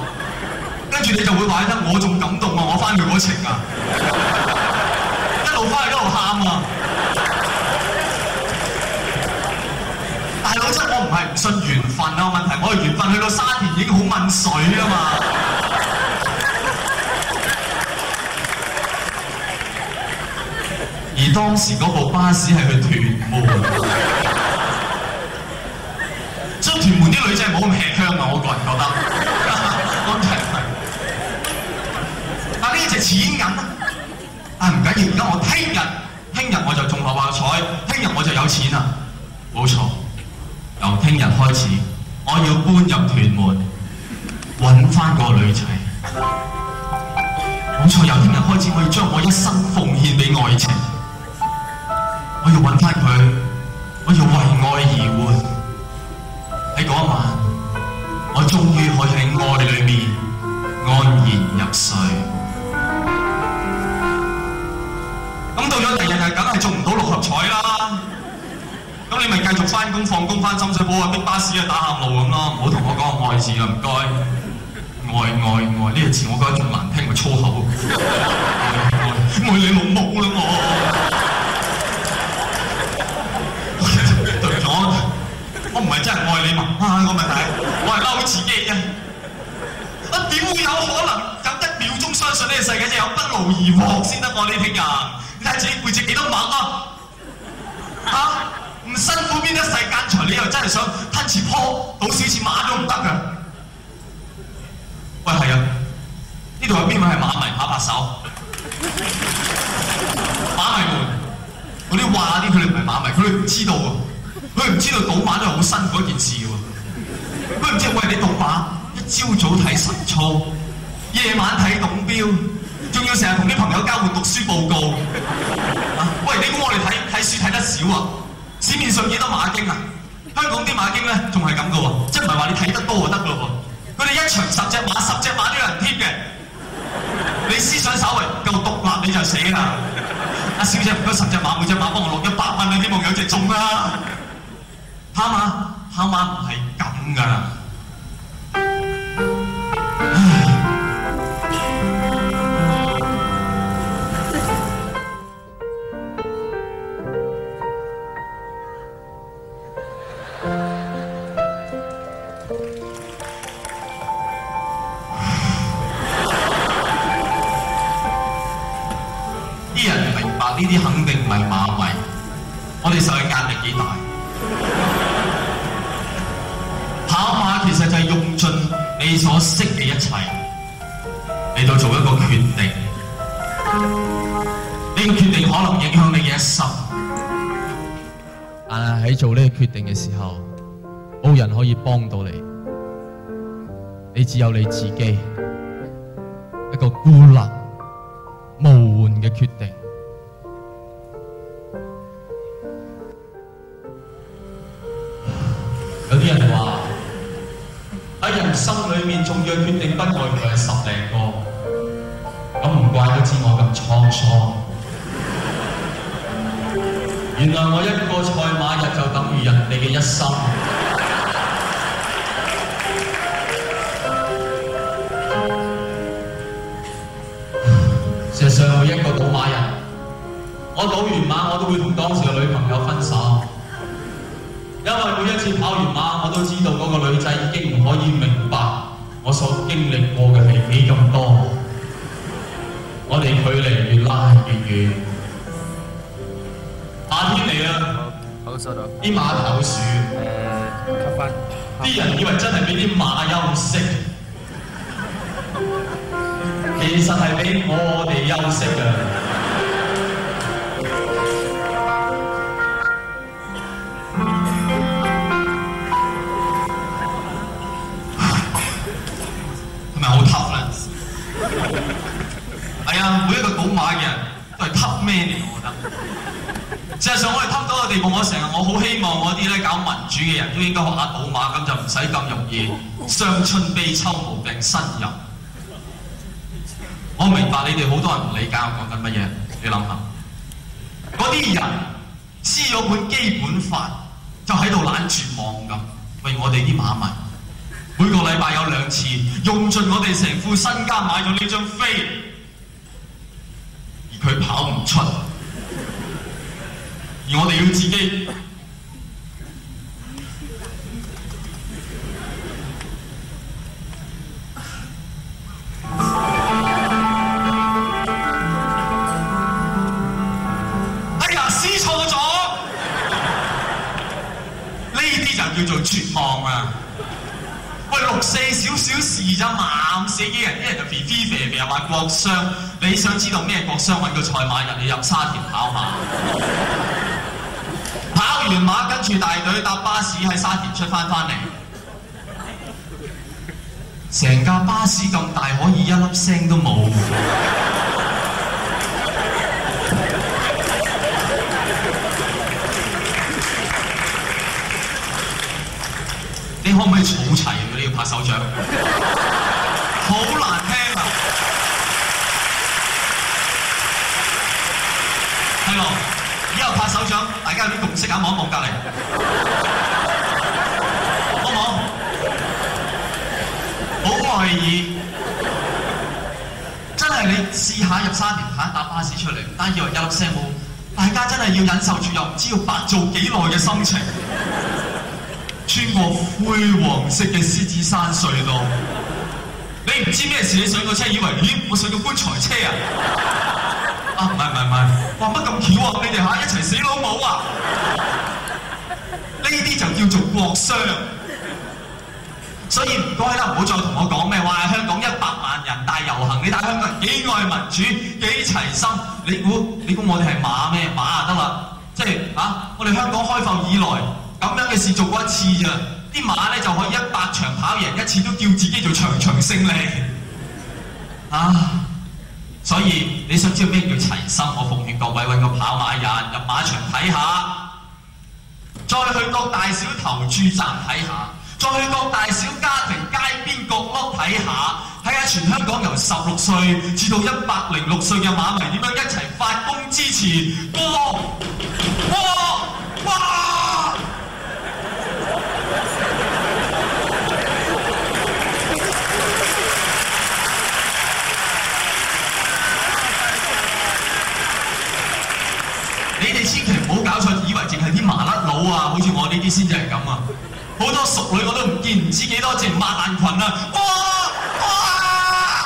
跟住你就會話得，我仲感動啊，我翻去嗰程啊。做翻去嗰度喊啊！大佬，真我唔係唔信緣分啊，問題我係緣分去到沙田已經好問水啊嘛。而當時嗰部巴士係去屯門，即 屯門啲女仔冇咁吃香啊，我個人覺得啊。唔緊要，而家我聽日，聽日我就中六合彩，聽日我就有錢啦。冇錯，由聽日開始，我要搬入屯門，揾翻個女仔。冇錯，由聽日開始，我要將我一生奉獻俾愛情。我要揾翻佢，我要為愛而活。喺嗰晚，我終於可以喺愛裏面安然入睡。梗係做唔到六合彩啦，咁你咪繼續返工放工返深水埗啊，逼巴士啊，打下路咁咯，唔好同我講愛字啦，唔該，愛愛愛呢個字我覺得仲難聽過粗口，愛、 哎哎哎、你老母啦我， 對咗！我唔係真係愛你嘛，我問題，我係嬲自己啫，我點會有可能咁一秒鐘相信呢個世界只有不勞而獲先、哦、得我呢聽日？睇自己背脊幾多馬啊！啊，唔辛苦邊得世間財？場你又真係想吞住坡，倒少錢馬都唔得㗎。喂，係啊，呢度有邊位係馬迷，拍拍手？馬迷們，我啲話啲佢哋唔係馬迷，佢哋唔知道喎，佢哋唔知道賭馬都係好辛苦一件事喎，佢唔知喂，你賭馬，一朝早睇晨操，夜晚睇董驃。仲要成日同啲朋友交換讀書報告，喂！你估我哋睇睇書睇得少啊？市面上幾多馬經啊？香港啲馬經咧仲係咁噶喎，即係唔係話你睇得多就得咯喎？佢哋一場十隻馬，十隻馬都有人貼嘅。你思想稍為夠獨立你就死啦！阿小姐唔該，十隻馬每隻馬幫我落一百蚊啦，希望有隻中啦，啊。跑馬，跑馬唔係咁噶。你做呢個決定嘅時候，冇人可以幫到你，你只有你自己一個孤立無援嘅決定。 有啲人就話喺人生裏面重要嘅決定不外乎係十零個，咁唔怪你知我咁滄桑。原來我一個賽馬日就等於人哋嘅一生。事 實際上，我一個賭馬日，我賭完馬我都會同當時嘅女朋友分手，因為每一次跑完馬，我都知道嗰個女仔已經唔可以明白我所經歷過嘅係幾咁多，我哋距離越拉越遠。夏天嚟啦，啲馬唞暑，啲人以為真係俾啲馬休息，其實係俾我哋休息㗎，係咪好 tough 咧？係啊，每一個趕馬嘅人都係 tough man 嚟？我覺得。事實上我到，我哋差唔多嘅地步。我成日我好希望我啲咧搞民主嘅人都應該學下賭馬咁，就唔使咁容易傷春悲秋、無病呻吟。我明白你哋好多人唔理解我講緊乜嘢，你諗下，嗰啲人撕咗本基本法，就喺度懶住望咁喂我哋啲馬迷，每個禮拜有兩次，用盡我哋成副身家買咗呢張飛，而佢跑唔出。我哋要自己。哎呀，試錯咗！呢啲就叫做絕望啊！喂，六四少少事咋？萬死嘅人？啲人就肥肥肥肥，又話國商。你想知道咩國商揾個賽馬人嚟入沙田跑馬？打完馬跟住大隊搭巴士喺沙田出翻返嚟，成架巴士咁大可以一粒聲都冇。 你可唔可以嘈齊？你要拍手掌，好難聽啊！係 咯、啊，以後拍手掌。大家有啲共識啊！望一望隔離，好唔好？好懷疑。真係你試下入沙田，睇一搭巴士出嚟，但以為一粒聲冇。大家真係要忍受住，又唔知要白做幾耐嘅心情，穿過灰黃色嘅獅子山隧道。你唔知咩事，你上個車以為，咦？我上個棺材車啊！唔係唔係唔係，話乜咁巧啊？你哋嚇一齊死老母啊！呢 啲就叫做國商。所以唔該啦，唔好再同我講咩話。香港一百萬人大遊行，你睇香港人幾愛民主，幾齊心？你估你估，你估我哋係馬咩？馬啊得啦，即係嚇、啊、我哋香港開埠以來，咁樣嘅事做過一次咋？啲馬咧就可以一百場跑贏一次都叫自己做場場勝利啊！所以你想知道咩叫齊心？我奉勸各位揾個跑馬人入馬場睇下，再去各大小投注站睇下，再去各大小家庭街邊角落睇下，睇下全香港由十六歲至到一百零六歲嘅馬迷點樣一齊發功支持先至係咁啊！好多熟女我都唔見，唔知幾多隻抹爛裙啊！哇哇！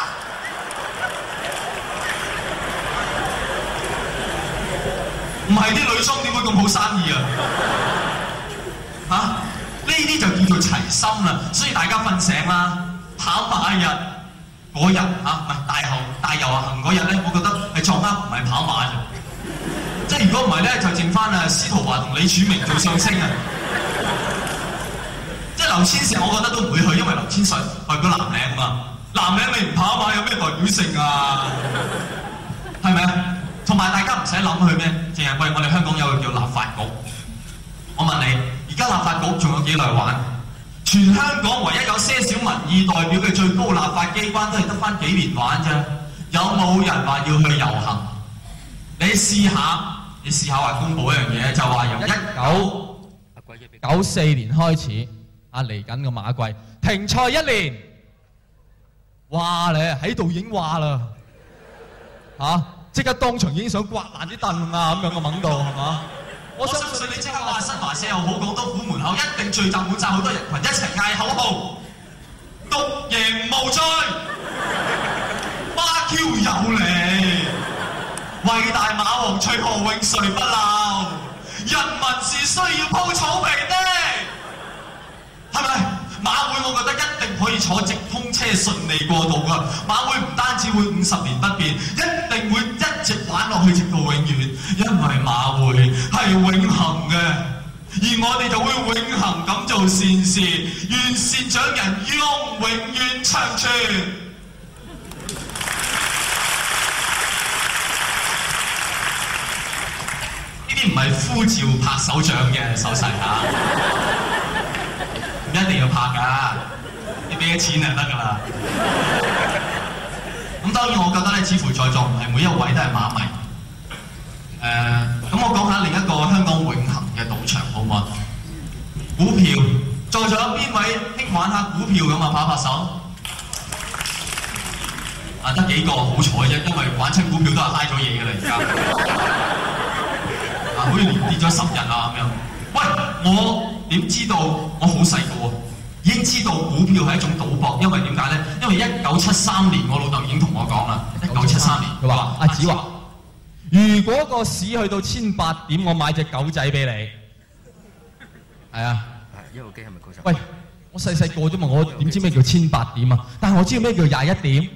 唔係啲女裝點會咁好生意啊？嚇、啊！呢啲就叫做齊心啦，所以大家瞓醒啦，跑馬日嗰日啊，唔係大後大遊行嗰日咧，我覺得係撞啱，唔係跑馬嘅。即係如果唔係咧，就剩翻啊司徒華同李柱銘做相聲啊！劉千石，我覺得都唔會去，因為劉千石代表男領嘛，南領你唔跑馬有咩代表性啊？係咪啊？同埋大家唔使諗去咩，淨係譬如我哋香港有個叫立法局，我問你，而家立法局仲有幾耐玩？全香港唯一有些少民意代表嘅最高立法機關都係得返幾年玩啫。有冇人話要去遊行？你試下，你試下話公佈一樣嘢，就話由一九九四年開始。啊！嚟緊個馬季停賽一年，哇你喺度已經話啦，嚇、啊、即刻當場影相刮爛啲凳啊咁樣個揾度，係嘛、啊？我相信你即刻話新華社又好廣東府門口一定聚集滿晒好多人群，一齊嗌口號， 獨贏無罪，馬 Q 有理， 偉大馬王最後永垂不朽， 人民是需要鋪草皮的。係咪？馬會我覺得一定可以坐直通車順利過渡㗎。馬會唔單止會五十年不變，一定會一直玩落去直到永遠，因為馬會係永恆嘅。而我哋就會永恆咁做善事，願善長人翁永遠長存。呢啲唔係呼召拍手掌嘅手勢吓。一定要拍㗎，你俾咗錢就得㗎啦。咁 當然，我覺得咧，似乎在座唔係每一位都係馬迷。誒，咁我講下另一個香港永恆嘅賭場好唔好？股票，在座有邊位興玩下股票咁啊？拍一拍手。 啊，得幾個好彩啫，因為玩親股票都係蝦咗嘢㗎啦，而家。 啊，好似連跌咗十日啊咁樣。喂，我。點知道我好細個已經知道股票係一種賭博，因為點解咧？因為一九七三年我老豆已經同我講啦，一九七三年佢話：阿、啊、子華，如果個市去到千八點，我買隻狗仔俾你。係、嗯、啊，係一路基金咪高升。喂，我細細個啫嘛，我點、嗯、知咩叫千八點啊？嗯、但係我知道咩叫廿一點。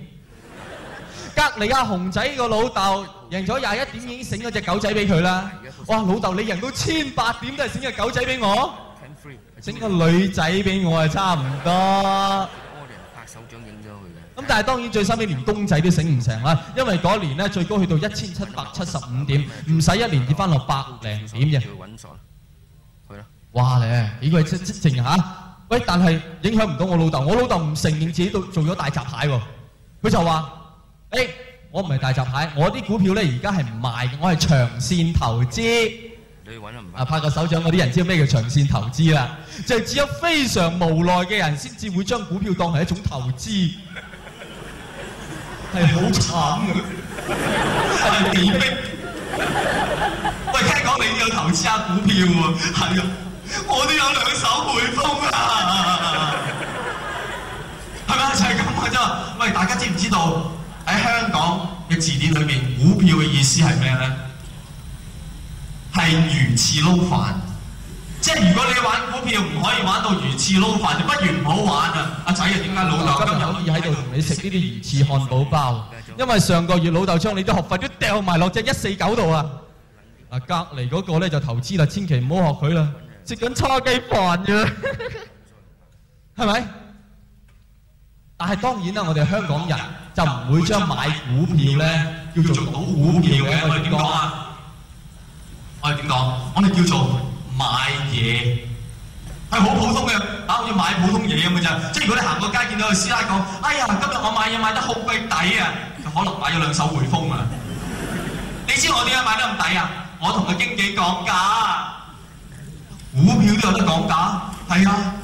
隔離阿熊仔個老豆贏咗廿一點已經醒咗隻狗仔俾佢啦。哇，老豆你贏到千八點都係醒隻狗仔俾我？整個女仔俾我係差唔多。拍手掌影咗佢。咁但係當然最心啲連公仔都醒唔成啦，因為嗰年咧最高去到一千七百七十五點，唔使一年跌翻六百零點嘅、哎。去揾咗，啦，去啦！哇咧，呢個係真真情嚇。喂，但係影響唔到我老豆，我老豆唔承認自己都做咗大閘蟹喎。佢就話：誒、欸，我唔係大閘蟹，我啲股票咧而家係唔賣嘅，我係長線投資。啊！拍個手掌，嗰啲人知咩叫長線投資啦？就係只有非常無奈嘅人，先至會將股票當係一種投資是很的是很的 是你，係好慘啊！係點逼？喂，聽講你有投資一下股票喎，係啊，我都有兩手回報啊！係咪就係咁嘅啫？喂，大家知唔知道喺香港嘅字典裏面，股票嘅意思係咩咧？係魚翅撈飯，即係如果你玩股票唔可以玩到魚翅撈飯，你不如唔好玩啊！阿仔啊，點解老豆今日可以喺度同你食呢啲魚翅漢堡包？因為上個月老豆將你啲學費都掉埋落隻一四九度啊！嗱，隔離嗰個咧就投資啦，千祈唔好學佢啦，食緊叉雞飯咋，係咪？但係當然啦，我哋香港人就唔會將買股票咧叫做賭股票嘅，我點講啊？我哋點講？我哋叫做買嘢，係好普通嘅，啊好似買普通嘢咁嘅咋。即係如果你行過街見到個師奶講，哎呀，今日我買嘢買得好鬼抵啊！可能買咗兩手匯豐啊！你知我點解買得咁抵啊？我同個經紀講價，股票都有得講價，係啊。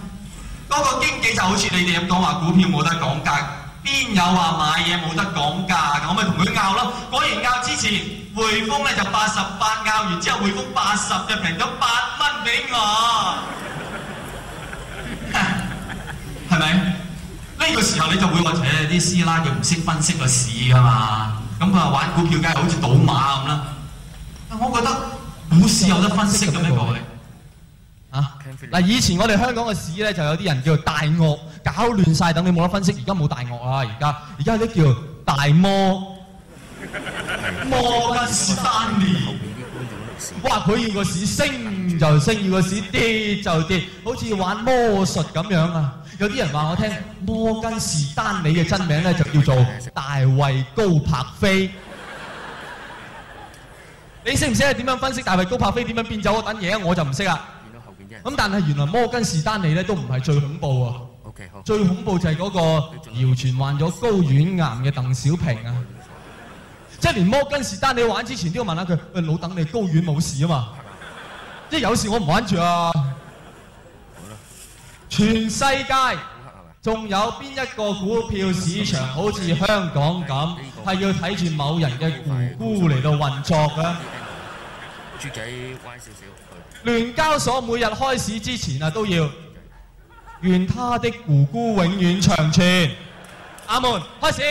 嗰個經紀就好似你哋咁講話股票冇得講價。邊有話買嘢冇得講價？我咪同佢拗咯。果然拗之前，匯豐咧就八十八，拗完之後匯豐八十，就平咗八蚊俾我。係咪？呢個時候你就會話誒啲師奶佢唔識分析個市啊嘛。咁佢話玩股票梗係好似賭馬咁啦。我覺得股市有得分析嘅咩各位？啊嗱，以前我哋香港嘅市咧就有啲人叫做大鱷。搞亂晒，等你冇得分析。而家冇大惡啦，而家而家都叫大摩，摩根士丹利。哇，佢要個市升就升，要個市跌就跌，好似玩魔術咁樣啊！有啲人話我聽，摩根士丹利嘅真名咧就叫做大衛高柏菲。你識唔識係點樣分析大衛高柏菲點樣變走等嘢啊？我就唔識啊。變到後邊啫。咁但係原來摩根士丹利咧都唔係最恐怖喎。Okay, 最恐怖就係嗰個謠傳患咗睾丸癌嘅鄧小平啊！ 即係連摩根士丹利玩之前都要問下佢，哎，老鄧你睾丸冇事啊嘛！即係有事我唔玩住啊好！全世界仲有邊一個股票市場好似香港咁，係要睇住某人嘅姑姑嚟到運作嘅，啊？聯 交所每日開市之前啊都要。願他的姑姑永遠長存。阿門，開始。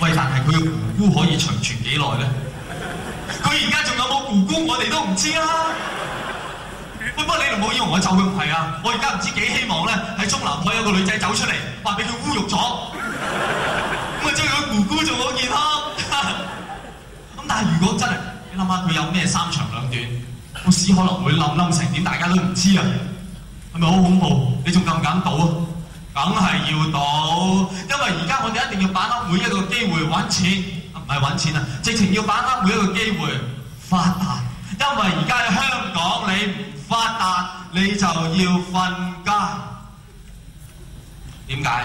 喂，但係佢嘅姑姑可以長存幾耐咧？佢而家仲有冇姑姑，我哋都唔知啦、啊。 不過你哋唔好以為我就咁係啊！我而家唔知幾希望咧，喺中南海有個女仔走出嚟，話俾佢侮辱咗，咁咪祝佢姑姑仲好健康。咁 但係如果真係，諗下，佢有咩三長兩短，股市可能會冧，冧成點，大家都唔知啊！係咪好恐怖？你仲敢唔敢賭啊？梗係要賭，因為而家我哋一定要把握每一個機會揾錢，唔係揾錢啊！直情要把握每一個機會發達，因為而家喺香港，你唔發達，你就要瞓街。點解？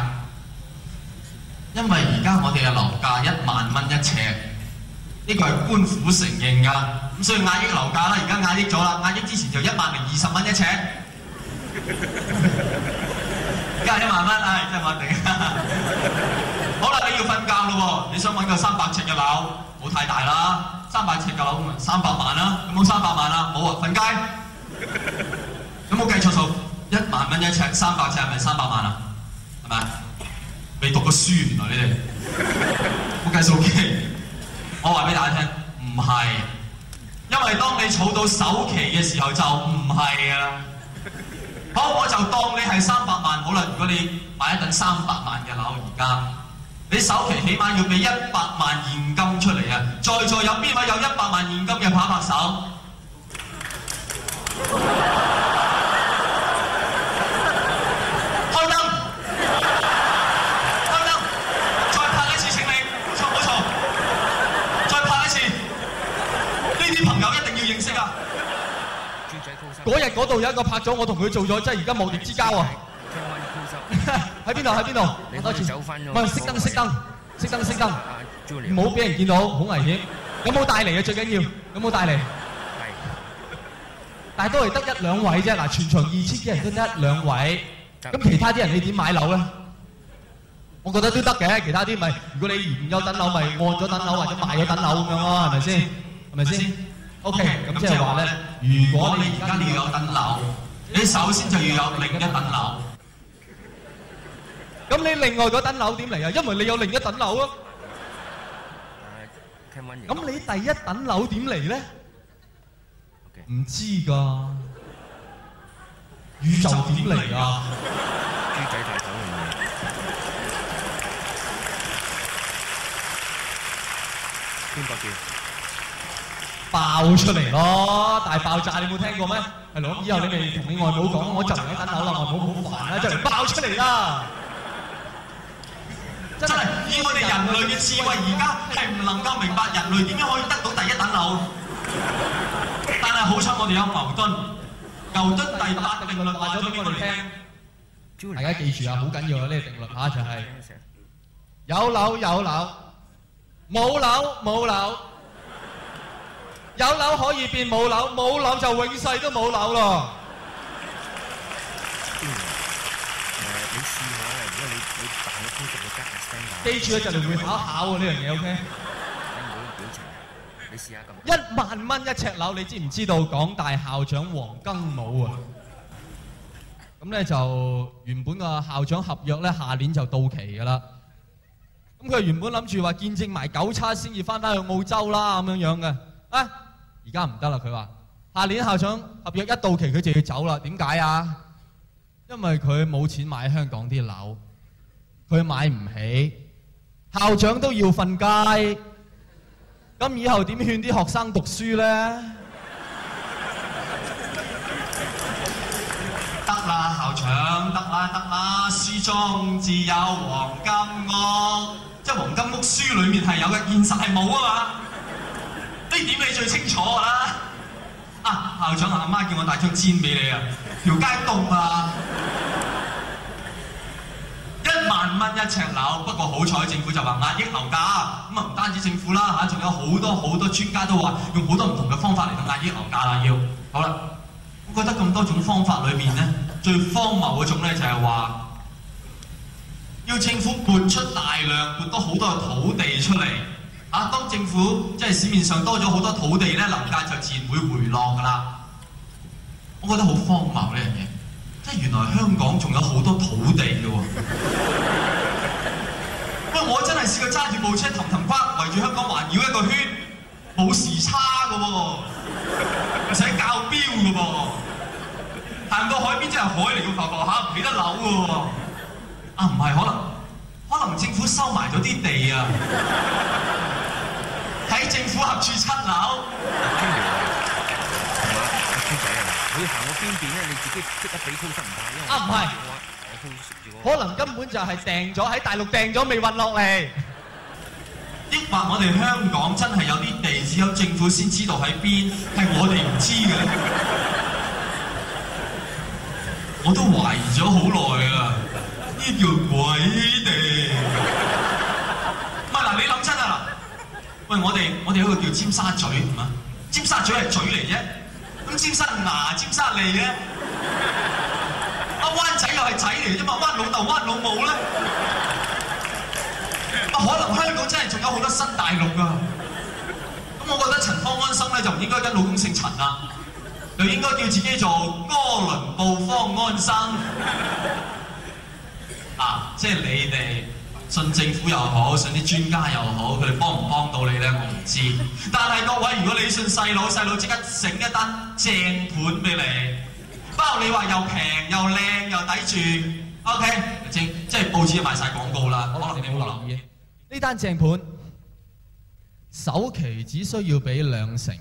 因為而家我哋嘅樓價一萬蚊一尺。呢、這個係官府承認噶，咁所以壓抑樓價啦。而家壓抑咗啦，壓抑之前就一萬零二十蚊一尺，而 家、哎、一萬蚊，係真穩定。 好啦，你要瞓覺咯喎，你想揾個三百尺嘅樓，冇太大啦，三百尺嘅樓啊，三百萬啦，有冇三百萬啊？冇啊，瞓街。 有冇計錯數？一萬蚊一尺，三百尺係咪三百萬啊？係咪啊？未讀過書，原來你哋冇計數機。我話俾大家聽，唔係，因為當你儲到首期嘅時候就唔係啊。好，我就當你係三百萬好啦。如果你買一棟三百萬嘅樓，而家你首期起碼要俾一百萬現金出嚟啊。在座有邊位有一百萬現金嘅拍拍手？ 嗰日嗰度有一個拍咗，我同佢做咗，即係而家忘年之交喎。喺邊度？喺邊度？幾多錢？唔係熄燈，熄燈，熄燈，熄燈，唔好俾人見到，好危險。有冇帶嚟啊？最緊要，有冇帶嚟？係。但係都係得一兩位啫。嗱，全場二千幾人都得一兩位，咁其他啲人你點買樓咧？我覺得都得嘅，其他啲咪如果你唔有等樓，咪按咗等樓或者賣咗等樓咁樣咯，係咪先？係咪先？OK，咁即係話咧，如果你而家你要有棟樓，你首先就要有另一棟樓。咁你另外嗰棟樓點嚟啊？因為你有另一棟樓咯。咁你第一棟樓點嚟咧？唔知㗎，宇宙點嚟啊？爆出嚟咯，大爆炸你冇聽過咩？係咯，以後你咪同你外母講，我就唔喺第一等樓，外母好煩啦，就嚟爆出嚟啦！真係，以我哋人類嘅智慧，而家係唔能夠明白人類點樣可以得到第一等樓。但係好彩我哋有牛頓，牛頓第八定律話咗俾我哋聽，大家記住啊，好緊要啊！呢個定律啊，就係有樓有樓，冇樓冇樓。有樓可以變冇樓，冇樓就永世都冇樓咯。誒，你試下啦，而家你你大嘅呼吸會加下聲啊。記住咧就嚟會考考喎呢樣嘢，O K？你唔好表情，你試下咁。一萬蚊一尺樓，你知唔知道港大校長王賡武啊？咁咧就原本個校長合約咧，下年就到期噶啦。咁佢原本諗住話見證埋九七先至翻返去澳洲啦，咁樣樣嘅啊。而家唔得啦，佢話：下年校長合約一到期，佢就要走啦。點解啊？因為佢冇錢買香港啲樓，佢買唔起。校長都要瞓街，咁以後點勸啲學生讀書咧？得啦， 校長，得啦得啦，書中自有黃金屋啊，即係黃金屋書裡面係有嘅，現實係冇啊嘛。呢點你最清楚㗎啦！啊！啊，校長阿媽叫我帶張籤俾你啊，條街凍啊！一萬蚊一尺樓，不過好彩政府就話壓抑樓價，咁啊唔單止政府啦嚇，仲有好多好多專家都話用好多唔同嘅方法嚟到壓抑樓價啦。要好啦，我覺得咁多種方法裏邊咧，最荒謬嗰種咧就係話要政府撥出大量撥多好多嘅土地出嚟。啊！當政府即係市面上多咗好多土地咧，樓價就自然會回落㗎啦。我覺得好荒謬呢樣嘢，即係原來香港仲有好多土地㗎喎。 喂，我真係試過揸住部車氹氹骨圍住香港環繞一個圈，冇時差㗎喎， 唔使校標㗎噃，行到海邊即係海嚟嘅發覺嚇，唔記得樓㗎喎。啊，唔係可能。可能政府收埋咗啲地啊，喺政府合署七樓，阿師仔啊，你要行到邊邊咧？你自己識得俾通訊唔帶，因為啊，唔係，可能根本就係訂咗喺大陸訂咗未運落嚟，抑或我哋香港真係有啲地只有政府先知道喺邊，係我哋唔知嘅，我都懷疑咗好耐啊。呢叫鬼地！咪 嗱，你諗真啊嗱？喂，我哋我哋嗰個叫尖沙咀，係咪？尖沙咀係嘴嚟啫，咁尖沙牙、尖沙脷咧，阿、 啊、灣仔又係仔嚟啫嘛，灣老豆、灣老母咧、 啊，可能香港真係仲有好多新大陸㗎、啊。咁、 啊、我覺得陳方安生咧就唔應該跟老公姓陳啦，就應該叫自己做哥倫布方安生。 啊！即係你哋信政府又好，信啲專家又好，佢哋幫唔幫到你咧？我唔知。但係各位，如果你信細佬，細佬即刻整一單正盤俾你，包你話又平又靚又抵住。OK，即即係報紙賣晒廣告啦。我可能你冇留意呢單正盤，首期只需要俾兩成，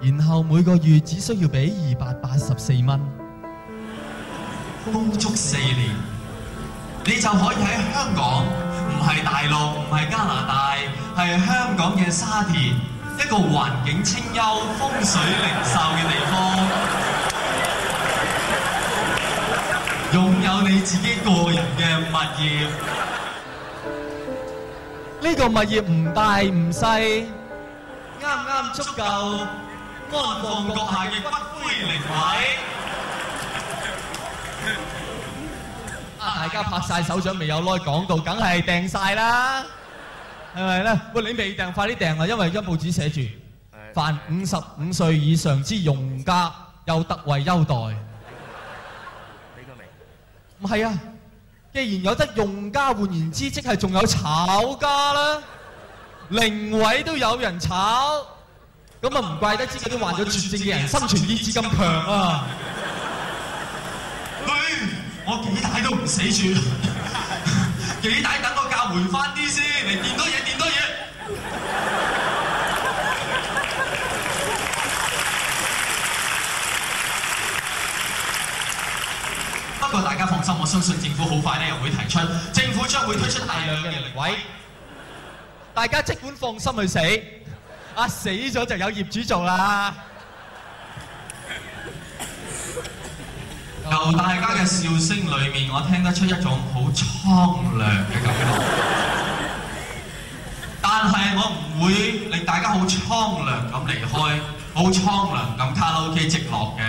然後每個月只需要俾二百八十四蚊。工作四年，你就可以喺香港，唔係大陸，唔係加拿大，係香港嘅沙田，一個環境清幽、風水靈秀嘅地方，擁有你自己個人嘅物業。呢個物業唔大唔細，啱啱足夠安放閣下嘅骨灰靈位。大家拍曬手掌，未有耐講到，梗係訂曬啦，係咪咧？喂！你未訂，快啲訂啦，因為張報紙寫住凡五十五歲以上之用家有特惠優待。俾過未？唔係啊，既然有得用家，換言之，即係仲有炒家啦。靈位都有人炒，咁啊唔怪得之嗰啲患咗絕症嘅人生存意志咁強啊！我幾大都唔死住，幾大等個價回翻啲先，你掂多嘢，掂多嘢。不過大家放心，我相信政府好快咧又會提出，政府將會推出大量嘅位，大家即管放心去死，啊死咗就有業主做啦。由大家嘅笑聲裏面，我聽得出一種好蒼涼嘅感覺。 但係我唔會令大家好蒼涼咁離開，好蒼涼咁卡拉 OK 直落嘅。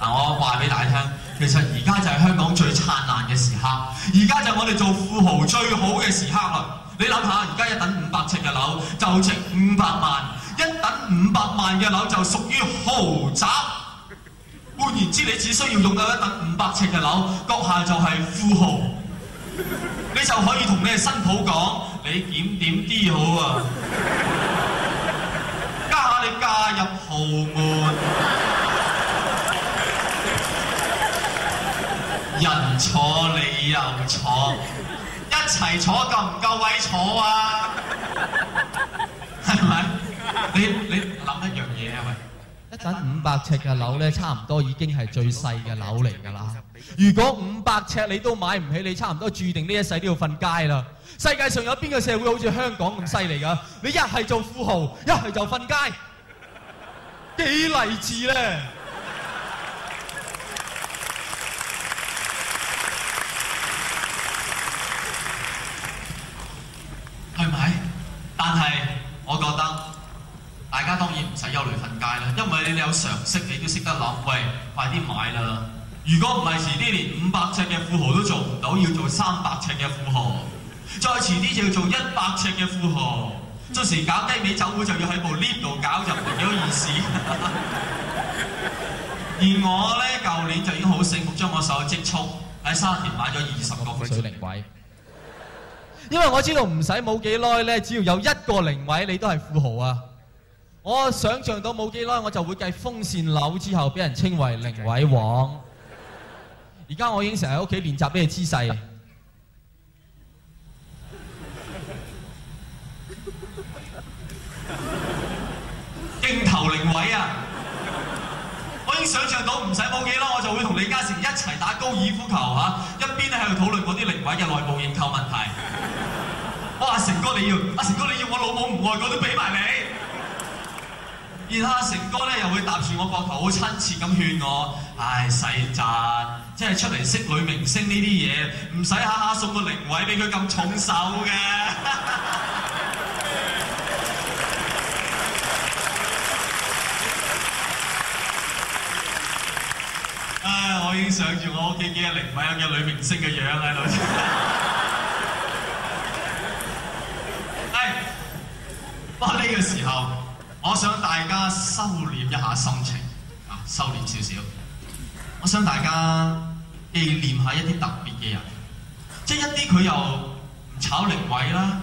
嗱，我話俾大家聽，其實而家就係香港最燦爛嘅時刻，而家就係我哋做富豪最好嘅時刻啦。你諗下，而家一等五百尺嘅樓就值五百萬，一等五百萬嘅樓就屬於豪宅。換言之，你只需要用到一層五百呎嘅樓，閣下就係富豪，你就可以同你嘅新抱講你點點啲好啊！家下你嫁入豪門， 人坐你又坐，一齊坐夠唔夠位坐啊？係咪？你你。真五百尺嘅樓咧，差唔多已經係最細嘅樓嚟㗎啦。如果五百尺你都買唔起，你差唔多註定呢一世都要瞓街啦。世界上有邊個社會好似香港咁犀利㗎？你一係做富豪，一係就瞓街，幾勵志咧？係咪？但係，我覺得。家當然唔使憂慮瞓街啦，因為你哋有常識，你都識得諗，喂，快啲買啦！如果唔係，遲啲連五百尺嘅富豪都做唔到，要做三百尺嘅富豪，再遲啲就要做一百尺嘅富豪。到時搞雞尾酒會就要喺部 lift 度搞，就唔係幾好意思。而我咧，舊年就已經好醒目，將我手嘅積蓄喺沙田買咗二十個靈位，因為我知道唔使冇幾耐咧，只要有一個靈位，你都係富豪啊！我想象到冇幾耐，我就會繼風扇樓之後，俾人稱為靈位王。而家我已經成日喺屋企練習咩姿勢，鏡頭靈位啊！我已經想象到唔使冇幾耐，我就會同李嘉誠一齊打高爾夫球嚇，一邊喺度討論嗰啲靈位嘅內部認購問題。哇！阿成哥你要，阿成哥你要，我老母唔愛我都俾埋你。然後成哥呢又會搭住我膊頭好親切咁勸我，唉，細讚，即係出嚟識女明星呢啲嘢，唔使下下送個靈位俾佢咁重手嘅。 啊,我已經想住我屋企嘅靈位,有嘅女明星嘅樣. 哎,我想大家收斂一下心情，啊，收斂少少。我想大家紀念下一啲特別嘅人，即係一啲佢又唔炒靈位啦，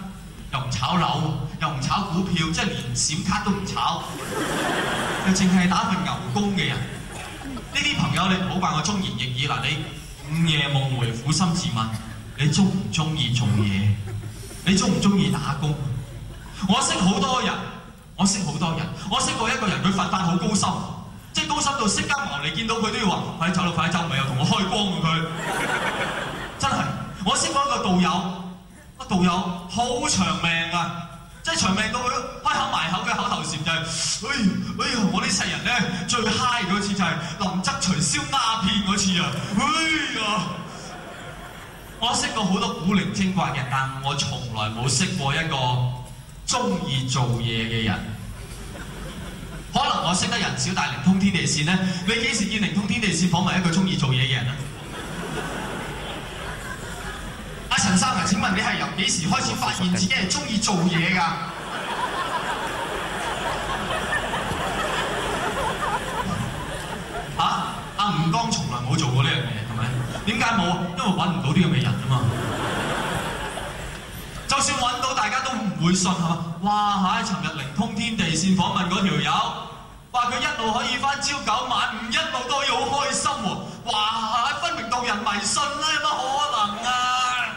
又唔炒樓，又唔炒股票，即係連閃卡都唔炒，佢淨係打份牛工嘅人。呢啲朋友你唔好扮我忠言逆耳嗱，你午夜夢回苦心自問，你中唔中意做嘢？你中唔中意打工？我識好多人。我識好多人，我識過一個人，佢佛旦好高深，即係高深到釋迦牟尼見到佢都要話快啲走啦，快啲走，咪又同我開光喎佢。真係，我識過一個道友，個道友好長命㗎，即係長命到佢開口埋口，佢嘅口頭禪就係：哎哎呀，我呢世人咧最 high 嗰次就係林則徐燒鴉片嗰次啊！哎呀，我識過好多古靈精怪嘅，但我從來冇識過一個。中意做嘢嘅人，可能我識得人少，但係靈通天地線咧。你幾時見靈通天地線訪問一個中意做嘢嘅人？阿 陳生啊，請問你係由幾時開始發現自己係中意做嘢㗎？嚇、 啊！阿吳剛從來冇做過呢樣嘢，係咪？點解冇？因為揾唔到啲咁嘅人啊嘛。就算揾到大家都唔會信係嘛？哇，喺尋日靈通天地線訪問嗰條友，話佢一路可以翻朝九晚五，一路都要好開心喎。哇，分明當人迷信啦，有乜可能啊？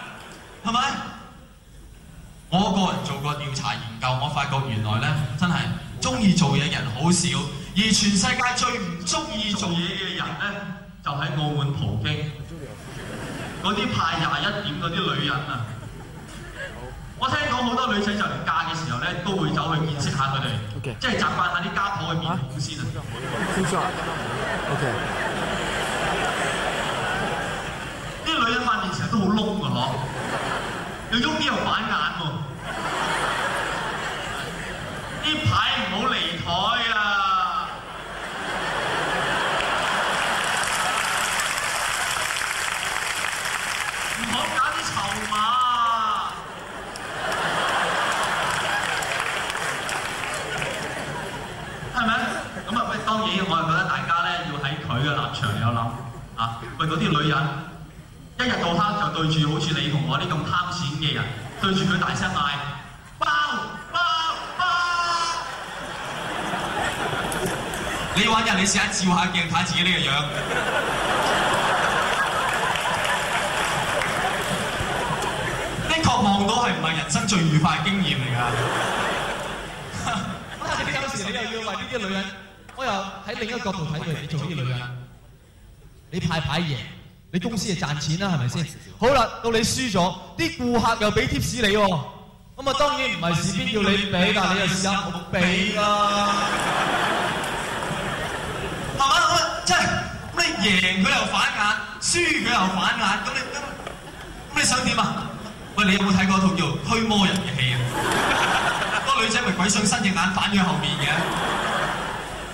係咪？我個人做過調查研究，我發覺原來咧真係中意做嘢人好少，而全世界最唔中意做嘢嘅人咧，就喺澳門葡京嗰啲派廿一點嗰啲女人啊！我聽講好多女仔就嚟嫁嘅時候咧，都會走去見識下佢哋，okay. 即係習慣一下啲家婆嘅面孔先啊！啲 so、okay. 女人塊面成日都好窿㗎嗬， 啊、又喐啲又反眼喎，呢排唔好離台。喂！嗰啲女人一日到黑就對住好似你同我呢啲咁貪錢嘅人，對住佢大聲嗌：「包包包」。你玩人，你試下照下鏡睇下自己呢個樣， 的確望到係唔係人生最愉快嘅經驗嚟㗎？ 你有時你又要為呢啲女人，我又喺另一個角度睇佢做啲女人。你派牌贏，你公司就賺錢啦，係咪先？好啦，到你輸咗，啲顧客又俾貼士你喎。咁啊，當然唔係事必要你俾，但係你又試下唔好俾啦。係嘛？喂，即係咁，你贏佢又反眼，輸佢又反眼，咁你咁你想點啊？喂，你有冇睇過一套叫《推魔人》嘅戲啊？個女仔咪鬼上身隻眼反轉後面嘅，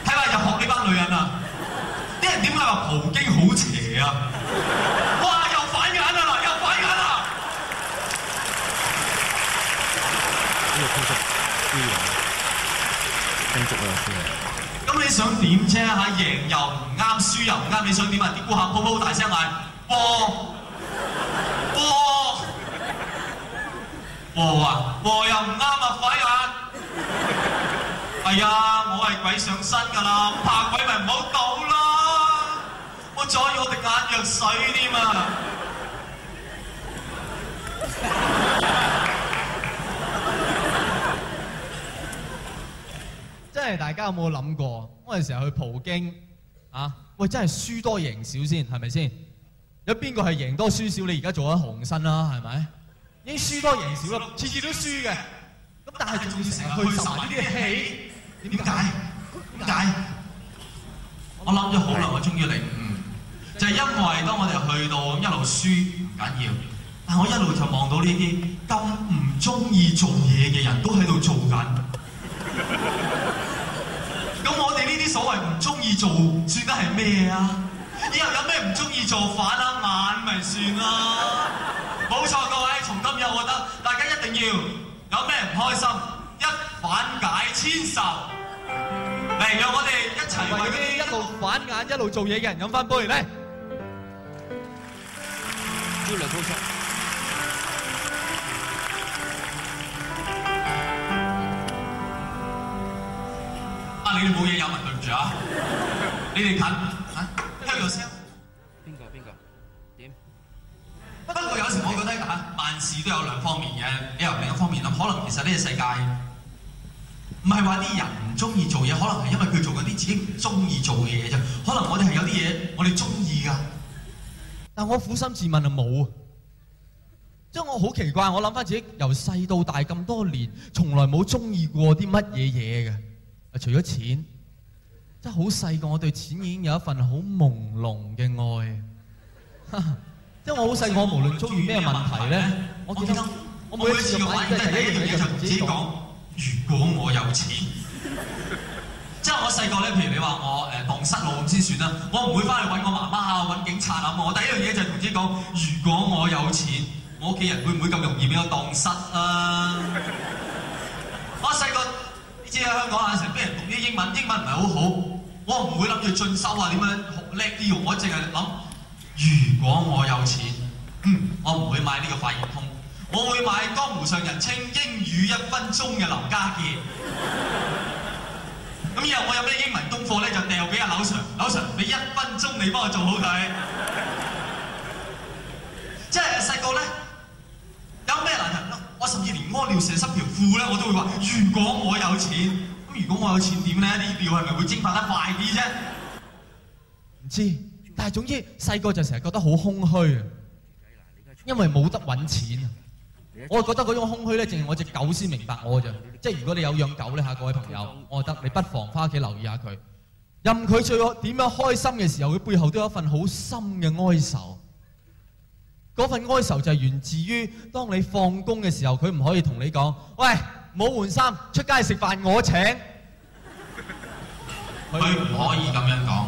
睇下入學呢班女人啊！點解話葡京好邪啊？哇！又反眼啊啦，又反眼啦！咁你想點啫？嚇贏又唔啱，輸又唔啱，你想點啊？啲顧客鋪鋪大聲嗌哇哇啊！哇又唔啱啊，反眼。係、哎、啊，我係鬼上身㗎啦，怕鬼咪唔好當。咗我哋眼藥水添啊！ 真係大家有冇諗過嗰陣時候去葡京啊？喂，真係輸多贏少先係咪先？有邊個係贏多輸少？你而家做緊紅身啦，係咪？已經輸多贏少啦，次次都輸嘅。咁但係仲要成日去嘥啲氣，點解？點解？我諗咗好耐，我中意你，嗯嗯就係因為當我哋去到一路輸唔緊要，但我一路就望到呢啲咁唔中意做嘢嘅人都喺度做緊。咁我哋呢啲所謂唔中意做，算得係咩啊？以後有咩唔中意做，反眼咪算啦。冇錯，各位，從今日我覺得大家一定要有咩唔開心，一反解千愁。嚟，讓我哋一齊為啲一路反眼一路做嘢嘅人飲翻杯咧！啊！你哋冇嘢有咪？對唔住啊！ 你哋近嚇，聽住個聲。邊個邊個？點？不過有時候我覺得嚇、啊，萬事都有兩方面嘅，你由另一方面諗，可能其實呢個世界唔係話啲人唔中意做嘢，可能係因為佢做緊啲自己唔中意做嘅嘢啫。可能我哋係有啲嘢，我哋中意㗎。但我苦心自問啊冇，即係我好奇怪，我諗翻自己由細到大咁多年，從來冇中意過啲乜嘢嘢嘅，啊除咗錢，即係好細個，我對錢已經有一份好朦朧嘅愛，即 係我好細個，我無論中意咩問題咧，我記得我每一次我反應第一樣嘢就只講如果我有錢。 即係我細個咧，譬如你話我誒蕩、欸、失路咁先算啦，我唔會翻去揾我媽媽啊，揾警察啊。我第一樣嘢就係同自己講：如果我有錢，我屋企人會唔會咁容易俾我蕩失啊？ 我細個你知喺香港成日俾人讀啲英文，英文唔係好好，我唔會諗住進修啊。點樣叻啲用？我淨係諗：如果我有錢，嗯，我唔會買呢個快譯通，我會買江湖上人稱英語一分鐘嘅劉家傑。 咁以後我有咩英文功課咧，就掉俾阿柳 Sir，柳 Sir，你一分鐘你幫我做好佢。即係細個咧，有咩難題，我甚至連屙尿成十條褲咧，我都會話：如果我有錢，咁如果我有錢點咧？啲尿係咪會蒸發得快啲啫？唔知，但係總之細個就成日覺得好空虛啊，因為冇得揾錢啊。我覺得嗰種空虛咧，淨係我隻狗先明白我嘅啫。即係如果你有養狗咧，嚇各位朋友，我覺得你不妨返屋企留意下佢。任佢最點樣開心嘅時候，佢背後都有一份好深嘅哀愁。嗰份哀愁就係源自於，當你放工嘅時候，佢唔可以同你講：「喂，冇換衫，出街食飯我請。佢唔可以咁樣講，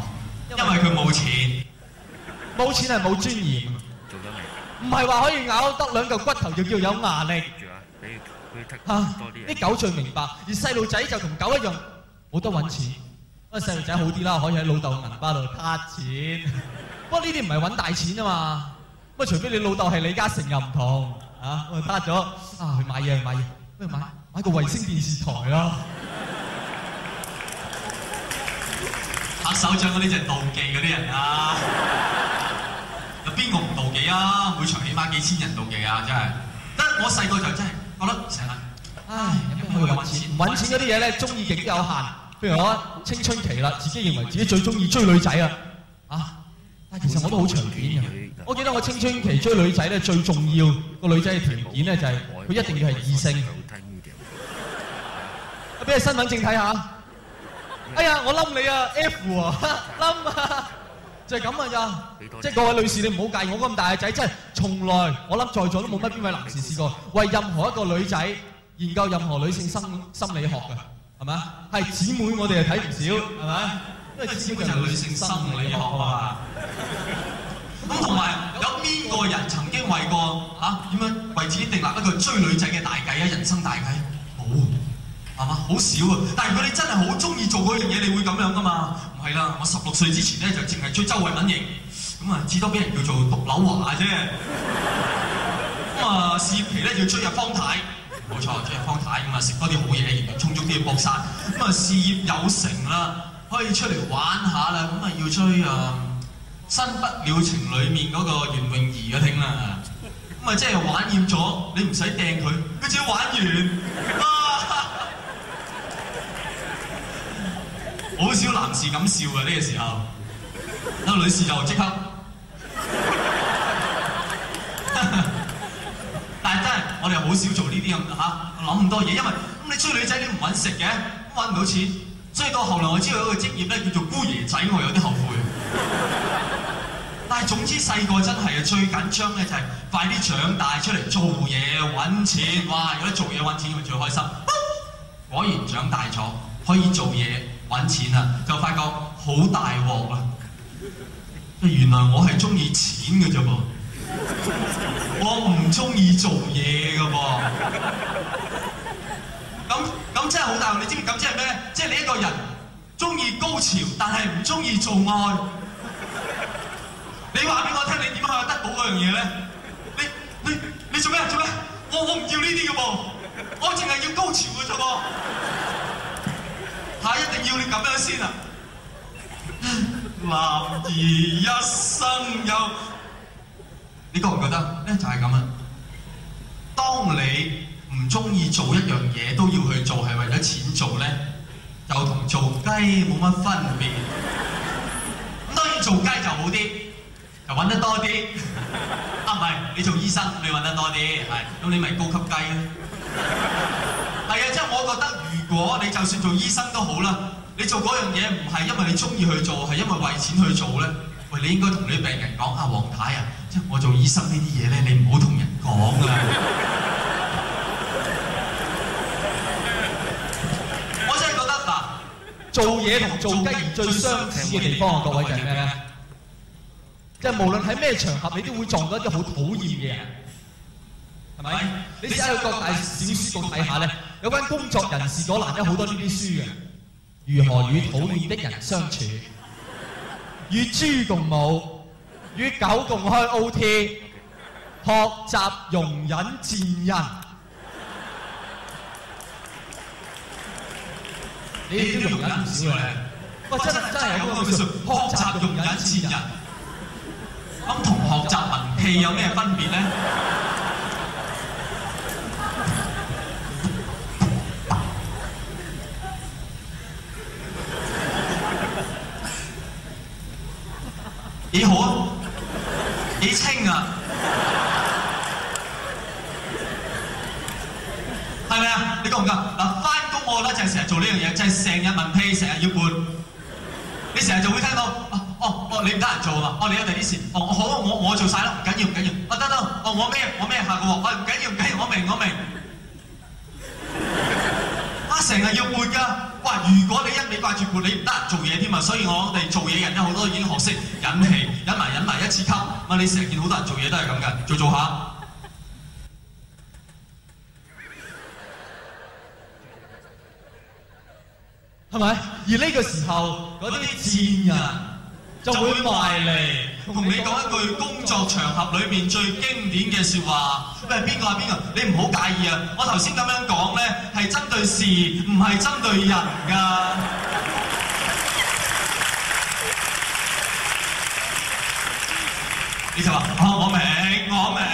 因為佢冇錢。冇錢係冇尊嚴。唔係話可以咬得兩嚿骨頭就叫有牙力。嚇！啲狗最明白，而細路仔就同狗一樣，冇得揾錢。不過細路仔好啲啦，可以喺老豆銀包度攤錢。不過呢啲唔係揾大錢啊嘛。不過除非你老豆係李嘉誠又唔同，嚇，我就攤咗啊！去買嘢，買嘢，不如買買個衛星電視台咯。拍手掌嗰啲就妒忌嗰啲人啊。有邊個？呀、啊！每場起碼幾千人妒忌啊，真係。得我細個就真係，好覺得成日。唉，因為佢又揾錢，揾錢嗰啲嘢咧，中意極有限。譬如我青春期啦，自己認為自己最中意追女仔啊，嚇、啊！但其實我都好長見嘅、啊。我記得我青春期追女仔咧，最重要個女仔嘅條件咧就係，佢一定要係異性。好聽。俾你身份證睇下。哎呀，我冧你啊，F 啊，冧啊！就係咁啊！又即係各位女士，你唔好介意我咁大嘅仔，真係從來我諗在座都冇乜邊位男士試過為任何一個女仔研究任何女性心心理學嘅，係咪啊？係姊妹，我哋係睇唔少，係咪？因為姊妹就係女性心理學啊嘛。咁同埋有邊個人曾經為過吓點樣為自己定立一個追女仔嘅大計啊？人生大計冇係嗎？好少啊！但係如果你真係好中意做嗰樣嘢，你會咁樣㗎嘛？唔係啦，我十六歲之前咧就淨係追周慧敏型，咁啊至多俾人叫做毒瘤華啫。咁 啊，事業期咧要追入方太，冇錯，追入方太咁啊，食多啲好嘢，然後充足啲嘅搏殺。咁啊，事業有成啦，可以出嚟玩一下啦，咁啊要追啊《新不了情》裏面嗰個袁詠儀嘅影啦。咁啊，即係玩厭咗，你唔使掟佢，佢只要玩完。啊好少男士咁笑嘅呢、這個時候，阿女士就即刻， 但真係我哋好少做呢啲咁嚇諗咁多嘢，因為咁你追女仔你唔搵食嘅，搵唔到錢，所以到後來我知道有一個職業咧叫做姑爺仔，我有啲後悔。 但係總之細個真係啊，最緊張咧就係、是、快啲長大出嚟做嘢搵錢，哇！如果做嘢搵錢，我最開心。果然長大咗，可以做嘢。揾錢啊，就發覺好大鑊啊！原來我係中意錢嘅啫噃，我唔中意做嘢嘅噃。咁咁真係好大鑊！你知唔知咁即係咩？即係、就是、你一個人中意高潮，但係唔中意做愛。你話俾我聽，你點可以得到嗰樣嘢咧？你你你做咩？做咩？我我唔要呢啲嘅噃，我淨係要，要高潮嘅啫噃。啊！一定要你咁樣先啊！男兒一生有，你覺唔覺得咧？就係咁啊！當你唔中意做一樣嘢，都要去做，係為咗錢做咧，又同做雞冇乜分別。咁當然做雞就好啲，就搵得多啲。啊唔係，你做醫生你搵得多啲，係，咁你咪高級雞咯。係啊，即係我覺得，如果你就算做醫生都好啦，你做嗰樣嘢唔係因為你中意去做，係因為為錢去做咧。喂，你應該同你病人講啊，黃太啊，即係我做醫生這些東西呢啲嘢咧，你唔好同人講啦。 我真係覺得嗱，做嘢同做雞然最相似嘅地方啊，各位就係咩咧？即係無論喺咩場合，你都會撞到一啲好討厭嘅人，係咪？你睇下去各大小書局底下咧。欸有班工作人士嗰欄有好多呢啲書嘅，如何與討厭的人相處？與豬共舞，與狗共開 OT，學習容忍賤人。你點容忍唔少咧？不真係真係有個技術，學習容忍賤人，咁同學習文氣有咩分別咧？幾好啊？幾清啊？係咪啊？你夠唔夠？嗱，翻工我咧就成日做呢樣嘢，就係成日問屁，成日要換。你成日就會聽到，哦哦哦，你唔得閒做嘛？哦，你有第啲事？哦，好啊，我我做晒啦，唔緊要唔緊要。哦，等等，哦我咩？我咩下個喎？係唔緊要唔緊要？我明我明。成日要潑㗎，哇！如果你一味掛住潑，你唔得做嘢添啊！所以我哋做嘢人咧好多都已經學識忍氣，忍埋忍埋一次吸嘛，你成日見好多人做嘢都係咁嘅，再做做下，係咪？而呢個時候嗰啲賤人，就會埋嚟同你講一句工作場合裏面最經典嘅説話，唔係邊個係邊個？你唔好介意啊！我頭先咁樣講呢，係針對事，唔係針對人㗎。你就話：哦，我明，我明。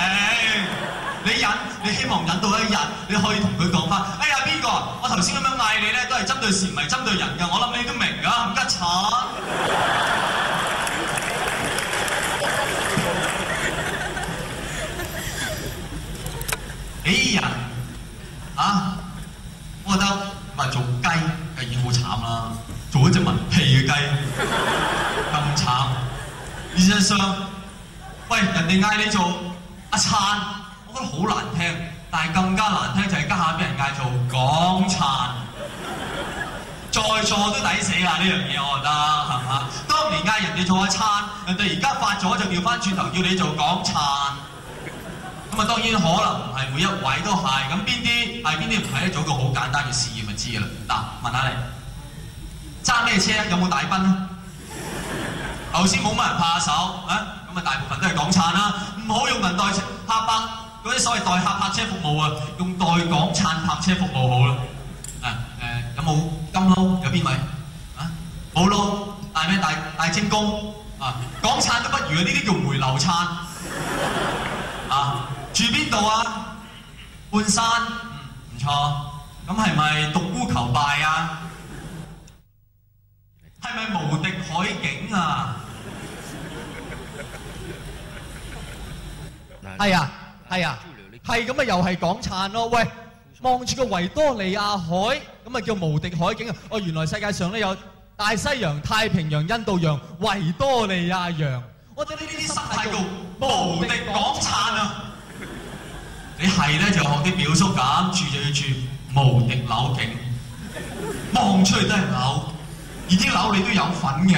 你忍，你希望忍到一日，你可以同佢講翻：哎呀，邊個？我頭先咁樣嗌你呢，都係針對事，唔係針對人㗎。我諗你都明㗎，唔得慘。誒、哎、人啊，我覺得喂做雞已經好慘啦，做一隻文屁嘅雞咁慘。事實上，喂人哋嗌你做阿燦、啊，我覺得好難聽，但係更加難聽就係家下俾人嗌做港燦，在座都抵死啦呢樣嘢，我覺得係咪啊？當年嗌人哋做阿、啊、燦，人哋而家發咗就叫翻轉頭叫你做港燦。咁啊，當然可能唔係每一位都係，咁邊啲係邊啲唔係咧？做個好簡單嘅試驗就知㗎啦。嗱，問下你，揸咩車咧？有冇大奔咧？頭先冇乜人拍手啊，咁啊，大部分都係港產啦。唔好用民代客泊嗰啲所謂代客泊車服務啊，用代港產泊車服務好啦。嗱誒，有冇金勞？有邊位？啊，冇勞，大咩大？大精工啊，港產都不如啊，呢啲叫煤流產啊。住邊度啊？半山，唔錯。咁係咪獨孤求敗啊？係咪無敵海景啊？係啊，係啊，係咁啊，又係港產咯。喂，望住個維多利亞海，咁啊叫無敵海景啊。哦，原來世界上咧有大西洋、太平洋、印度洋、維多利亞洋。我哋呢啲生態叫無敵港產啊！你係咧就學啲表叔咁住就要住無敵樓景，望出去都係樓，而啲樓你都有份嘅。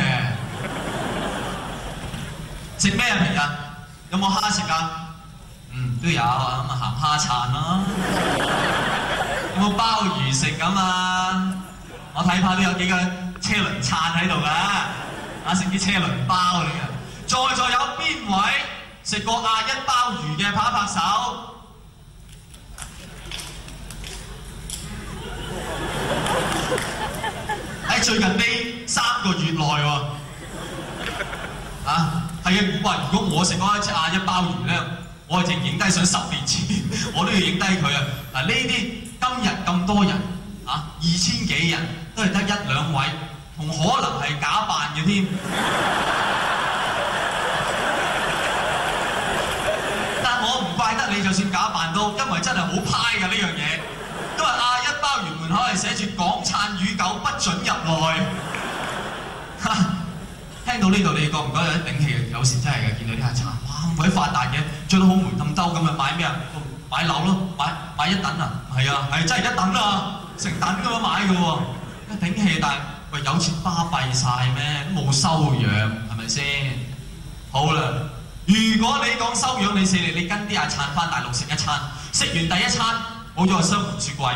食咩啊？平日有冇蝦食啊？嗯，都有咁啊，鹹蝦餐囉、啊， 有冇鮑魚食咁啊？我睇怕都有幾個車輪撐喺度㗎，啊食啲車輪包你再再啊！在座有邊位食過亞一鮑魚嘅？拍拍手。最近呢三個月內喎，啊，係啊，話如果我食開阿一包魚咧，我係淨影低上十年前，我都要影低佢啊！嗱，呢啲今日咁多人，啊，二千幾人都係得一兩位，同可能係假扮嘅添。但我唔怪得你，就算假扮都，因為真係好派㗎呢樣嘢，都係阿。出完門口係寫住「港燦與狗不准入內」，聽到呢度你覺唔覺得有啲頂氣？有時真係嘅，見到啲阿燦，哇鬼發達嘅，著到好門襟兜咁嘅，買咩啊？買樓咯，買買一等啊，係啊，係真係一等啊，成等咁樣買嘅喎。頂氣，但係喂有錢巴閉曬咩？都冇修養係咪先？好啦，如果你講修養，你四力你跟啲阿燦翻大陸食一餐，食完第一餐，我再收門雪櫃。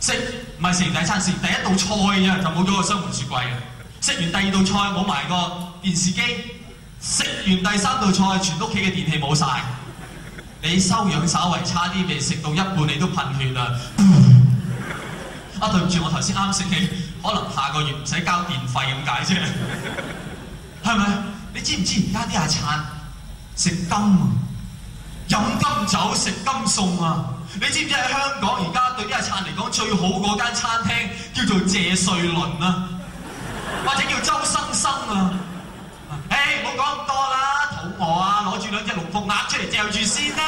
食唔係食完大餐，食第一道菜咋就冇咗個雙門雪櫃嘅；食完第二道菜冇埋個電視機；食完第三道菜，全屋企嘅電器冇晒。你收養稍為差啲，咪食到一半你都噴血啦！啊，對唔住，我頭先啱食起，可能下個月唔使交電費咁解啫。係咪？你知唔知而家啲阿燦食金，金，金啊，飲金酒食金餸啊？你知唔知喺香港而家對啲阿燦嚟講最好嗰間餐廳叫做謝瑞麟啊，或者叫周生生啊？誒，唔好講咁多啦，肚餓啊，攞住兩隻龍鳳鈪出嚟嚼住先啦。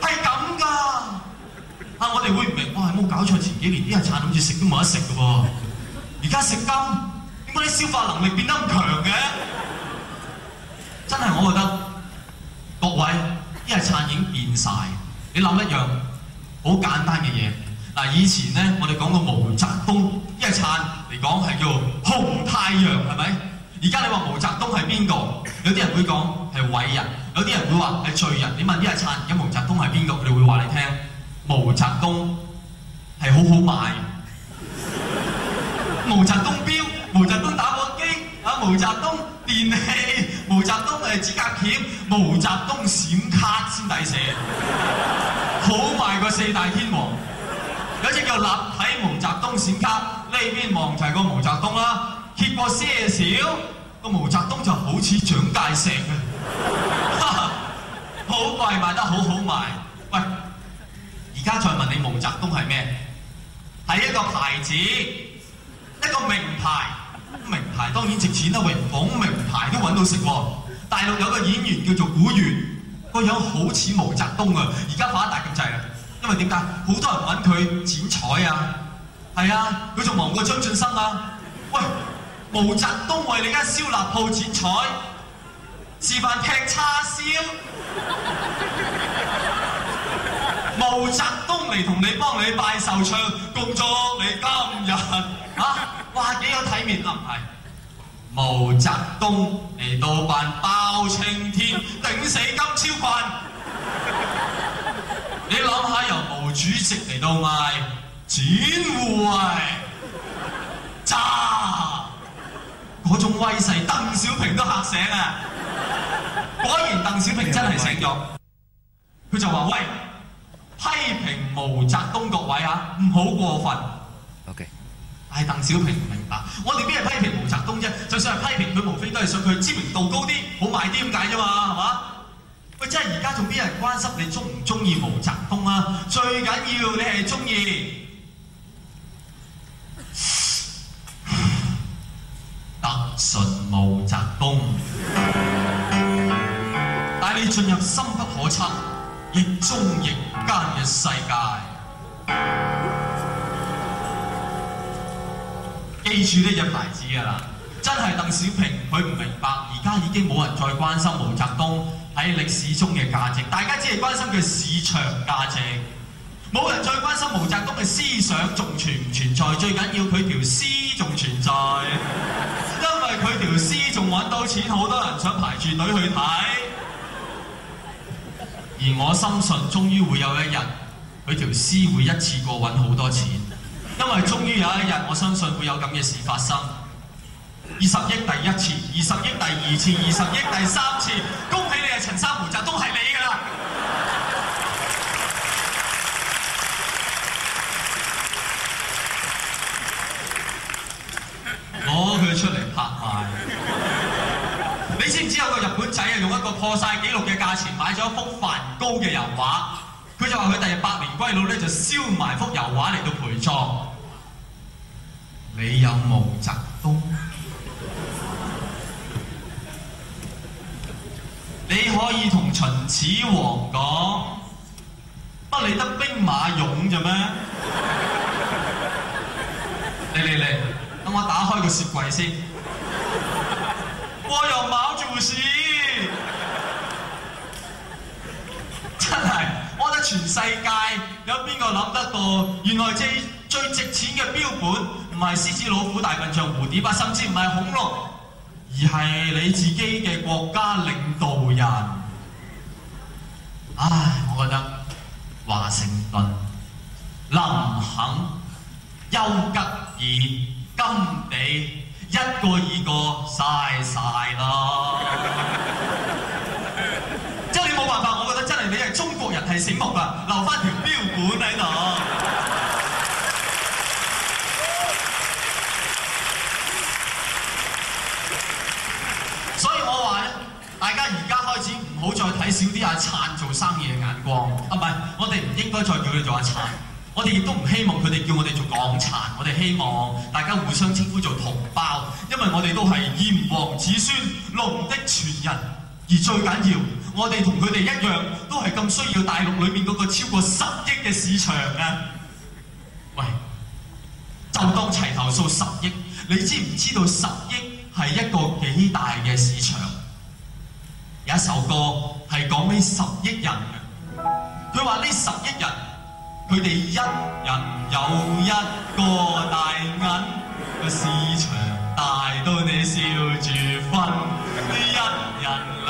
係咁噶，啊，我哋會唔明白，係冇搞錯，前幾年啲阿燦諗住食都冇得食㗎喎，而家食金，點解啲消化能力變得咁強嘅？真係，我覺得各位啲阿燦已經變晒。你諗一樣好簡單嘅嘢，嗱，以前咧，我哋講過毛澤東，呢人燦嚟講係叫紅太陽，係咪？而家你話毛澤東係邊個？有啲人會講係偉人，有啲人會話係罪人。你問啲係燦而家毛澤東係邊個？佢你會話你聽毛澤東係好好賣，毛澤東表、 毛澤東打火機、啊毛澤東電器。毛澤東誒指甲鉗，毛澤東閃卡先抵死。好賣過四大天王。有隻叫立體毛澤東閃卡，呢邊望就係個毛澤東啦，揭過些少個毛澤東就好似蔣介石嘅，好貴，賣得好好賣。喂，而家再問你毛澤東係咩？係一個牌子，一個名牌。牌當然值錢啦，啊！喂，仿名牌都揾到食喎，啊。大陸有個演員叫做古月，個樣好似毛澤東啊。而家發達咁滯，因為點解？好多人揾佢剪彩啊。係啊，佢仲忙過張進生啊。喂，毛澤東為你間燒臘鋪剪彩，示範劈叉燒。 毛澤東嚟同你幫你拜壽唱，唱恭祝你今日啊，哇幾有體面啊唔係？毛澤東嚟到扮包青天，頂 死金超羣。 你諗下，由毛主席嚟到賣錢互炸！嗰種威勢，鄧小平都嚇醒啊！果然，鄧小平真係醒咗，佢 就話：喂，批評毛澤東各位啊，唔好過分。OK。係鄧小平唔明白，我哋邊係批評毛澤東啫？就算係批評佢，無非都係想佢知名度高啲，好賣啲咁解啫嘛，係嘛？喂，真係而家仲邊有人關心你鍾唔鍾意毛澤東啊？最緊要你係鍾意德順毛澤東，帶你進入深不可測、亦忠亦奸嘅世界。記住呢隻牌子㗎啦！真係鄧小平，佢唔明白，而家已經冇人再關心毛澤東喺歷史中嘅價值，大家只係關心佢市場價值。冇人再關心毛澤東嘅思想仲存唔存在，最緊要佢條屍仲存在，因為佢條屍仲揾到錢，好多人想排住隊去睇。而我深信，終於會有一日，佢條屍會一次過揾好多錢。因為終於有一日，我相信會有咁嘅事發生。二十億第一次，二十億第二次，二十億第三次，恭喜你啊，陳生胡就都係你㗎啦！攞 佢出嚟拍賣， 你知唔知有個日本仔啊，用一個破晒紀錄嘅價錢買咗一幅梵高嘅油畫？佢就話佢第日百年歸老咧，就燒埋幅油畫嚟到陪葬。你有毛澤東，你可以同秦始皇講，乜你得兵馬俑咋咩？嚟嚟嚟，等我打開個雪櫃先。我有毛主席，真係。全世界有邊個諗得到？原來最最值錢嘅標本，唔係獅子、老虎、大笨象、蝴蝶啊，甚至唔係恐龍，而係你自己嘅國家領導人。唉，我覺得華盛頓、林肯、丘吉爾、甘地，一個二個嘥晒啦。係醒目啊！留翻條標本喺度， 所以我話咧，大家而家開始唔好再睇少啲阿燦做生意嘅眼光，啊唔係，我哋唔應該再叫佢做阿燦，我哋亦都唔希望佢哋叫我哋做港燦，我哋希望大家互相稱呼做同胞，因為我哋都係炎黃子孫、龍的傳人，而最緊要。我哋同佢哋一樣，都係咁需要大陸裏面嗰個超過十億嘅市場啊！喂，就當齊頭數十億，你知唔知道十億係一個幾大嘅市場？有一首歌係講呢十億人嘅，佢話呢十億人，佢哋一人有一個大銀，個市場大到你笑住瞓。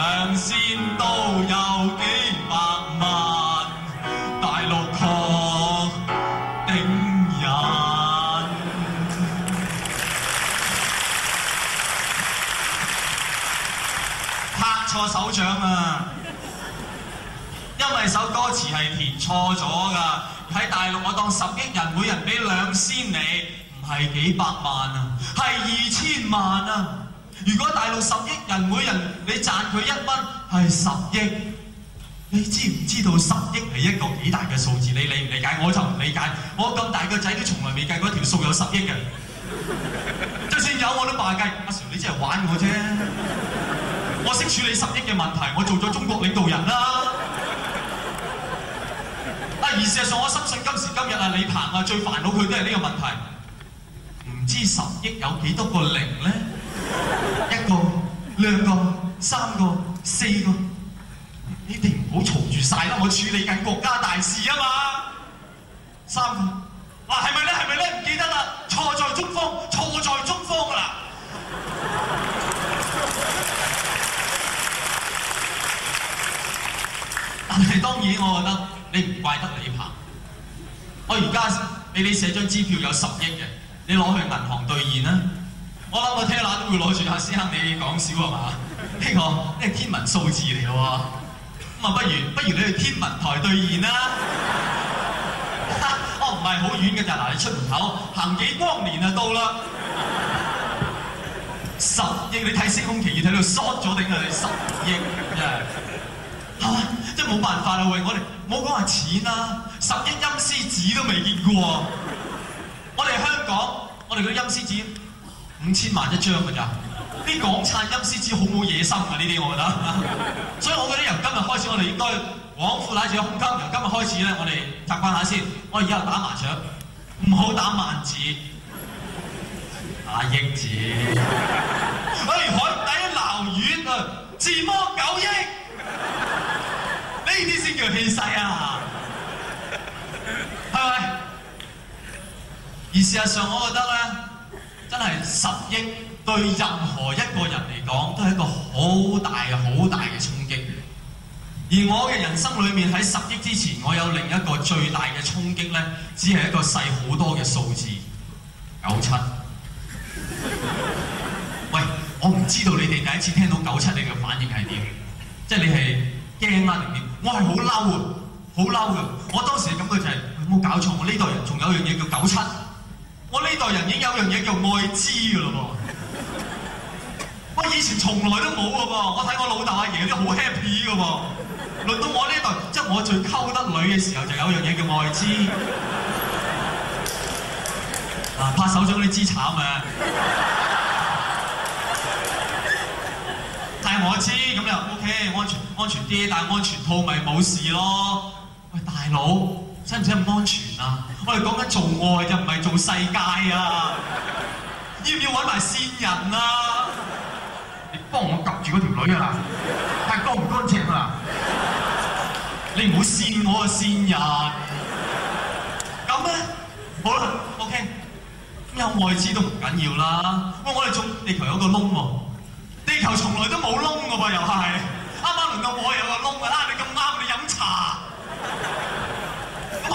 兩仙都有幾百萬，大陸確頂人。拍錯手掌啊！因為首歌詞係填錯咗噶。喺大陸我當十億人，每人俾兩仙你，唔係幾百萬啊，係二千萬啊！如果大陸十億人，每人你賺佢一蚊，係十億。你知唔知道十億係一個幾大嘅數字？你理唔理解？我就唔理解。我咁大個仔都從來未計過一條數有十億嘅。就算有我都唔話計。阿成，你真係玩我啫。我識處理十億嘅問題。我做咗中國領導人啦。啊，而事實上，我深信今時今日啊，李鵬啊最煩惱佢都係呢個問題。唔知十億有幾多個零咧？一個、兩個、三個、四個，你哋唔好嘈住晒啦！我處理緊國家大事啊嘛。三個，嗱係咪咧？係咪咧？唔記得啦，錯在中方，錯在中方啦。 但係當然，我覺得你唔怪得李鵬。我而家俾你寫張支票有十億嘅，你攞去銀行兌現啦。我諗我聽下都會攞住，阿師兄你講笑啊嘛？呢個呢係天文數字嚟喎，咁啊不如不如你去天文台兌現啦。 哦，唔係好遠嘅，就嗱，你出門口行幾光年就到啦。 十億，你睇星空奇遇睇到縮咗定啊？十億真係嚇，即係冇辦法啦喂！我哋冇講話錢啦，十億陰司紙都未見過。 我哋香港，我哋嗰啲陰司紙。五千萬一張㗎咋？啲港產陰司紙好冇野心嘅呢啲，我覺得。 所以我覺得由今日開始，我哋應該往府攬住個空間，由今日開始咧，我哋習慣一下先。我以後打麻雀，唔好打萬字，打億字。哎， 海底撈魚啊，自摸九億，呢啲先叫氣勢啊！係咪？而事實上，我覺得咧。真係十億對任何一個人嚟講都係一個好大好大嘅衝擊。而我嘅人生裡面喺十億之前，我有另一個最大嘅衝擊咧，只係一個細好多嘅數字，九七。 喂，我唔知道你哋第一次聽到九七你嘅反應係點，即係你係驚啦定點？我係好嬲，好嬲嘅。我當時嘅感覺就係，冇搞錯，我呢代人仲有一樣嘢叫九七。我呢代人已經有樣嘢叫愛滋嘅嘞噃，我以前從來都冇嘅噃，我睇我老豆阿爺都好 happy 嘅噃，輪到我呢代，即係我最溝得女嘅時候就有一樣嘢叫愛滋。嗱、啊，拍手掌你支慘嘅、啊， 但係我知咁又 OK，安全安全啲，但係安全套咪冇事咯，喂，大佬。使唔使咁安全啊？我哋講緊做愛又唔係做世界啊！要唔要搵埋線人啊？你幫我揼住嗰條女啊啦！但係乾唔乾淨啦、啊！你唔好線我啊線人！咁 咧，好啦，OK。有愛滋都唔緊要啦。喂，我哋做地球有個窿喎、啊，地球從來都冇窿噶噃，又係啱啱輪到我有個窿啊！你咁啱你飲茶、啊。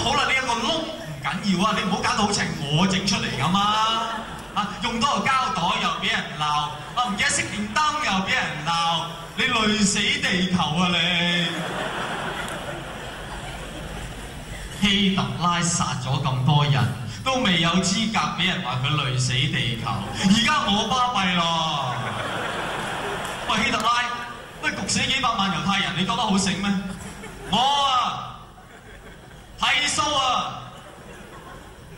好啦，呢一個窿唔緊要啊，你唔好搞到好似，我整出嚟咁啊！啊，用多個膠袋又俾人鬧，啊，唔記得熄電燈又俾人鬧，你累死地球啊你！希特拉殺咗咁多人都未有資格俾人話佢累死地球，而家我巴閉咯！喂，希特拉，喂，焗死幾百萬猶太人，你覺得好醒咩？我啊！係數啊！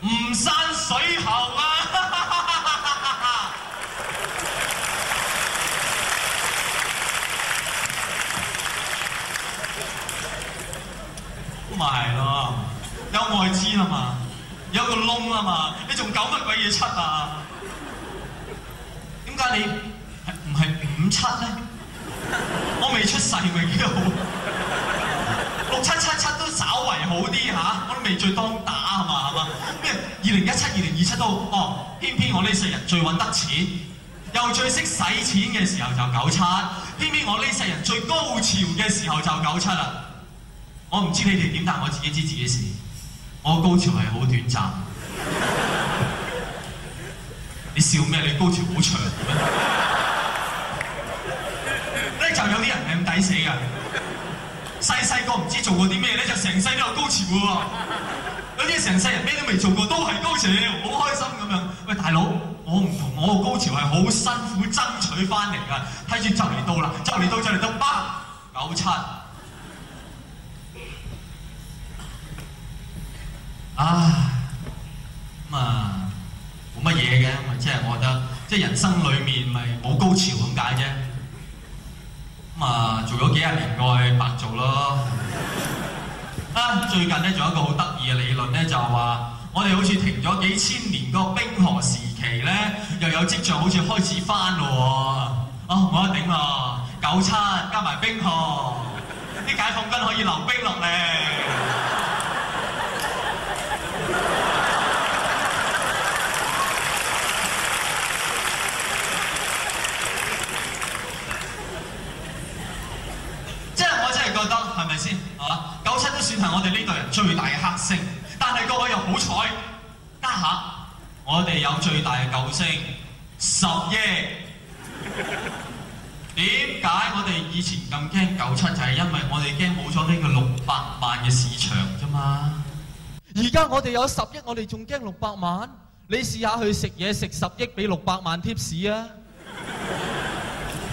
唔山水喉啊！哈，哈！哈，哈，埋咯、 oh，有外資啊嘛，有個窿啊嘛，你仲搞乜鬼嘢七啊？點解你唔係五七咧？我未出世咪幾多六七七七。稍微好啲嚇，我都未最當打係嘛係嘛？咩？二零一七、二零二七都哦，偏偏我呢世人最揾得錢，又最識使錢嘅時候就九七，偏偏我呢世人最高潮嘅時候就九七啦。我唔知你哋點，但我自己知自己事。我高潮係好短暫。你笑咩？你高潮好長咩？我唔知做過啲咩咧，就成世都有高潮喎！有啲成世人咩都未做過，都係高潮，好開心咁樣。喂，大佬，我唔同，我個高潮係好辛苦爭取翻嚟㗎。睇住就嚟到啦，就嚟到，就嚟到八九七。啊，咁啊，冇乜嘢嘅，咁即係我覺得，即係人生裡面咪冇高潮咁解啫。啊，做咗幾十年過去白做咯。啊，最近咧仲有一個好得意嘅理論咧，就係話，我哋好似停咗幾千年個冰河時期咧，又有跡象好似開始翻嘞喎。啊，我頂啊！九七加埋冰河，啲解放軍可以留冰落嚟。算係我哋呢代人最大嘅黑星，但係各位又好彩，家下我哋有最大嘅救星十億。點解我哋以前咁驚九七，就係因為我哋驚冇咗呢個六百萬嘅市場啫嘛。而家我哋有十億，我哋仲驚六百萬？你試下去食嘢食十億，俾六百萬貼士啊！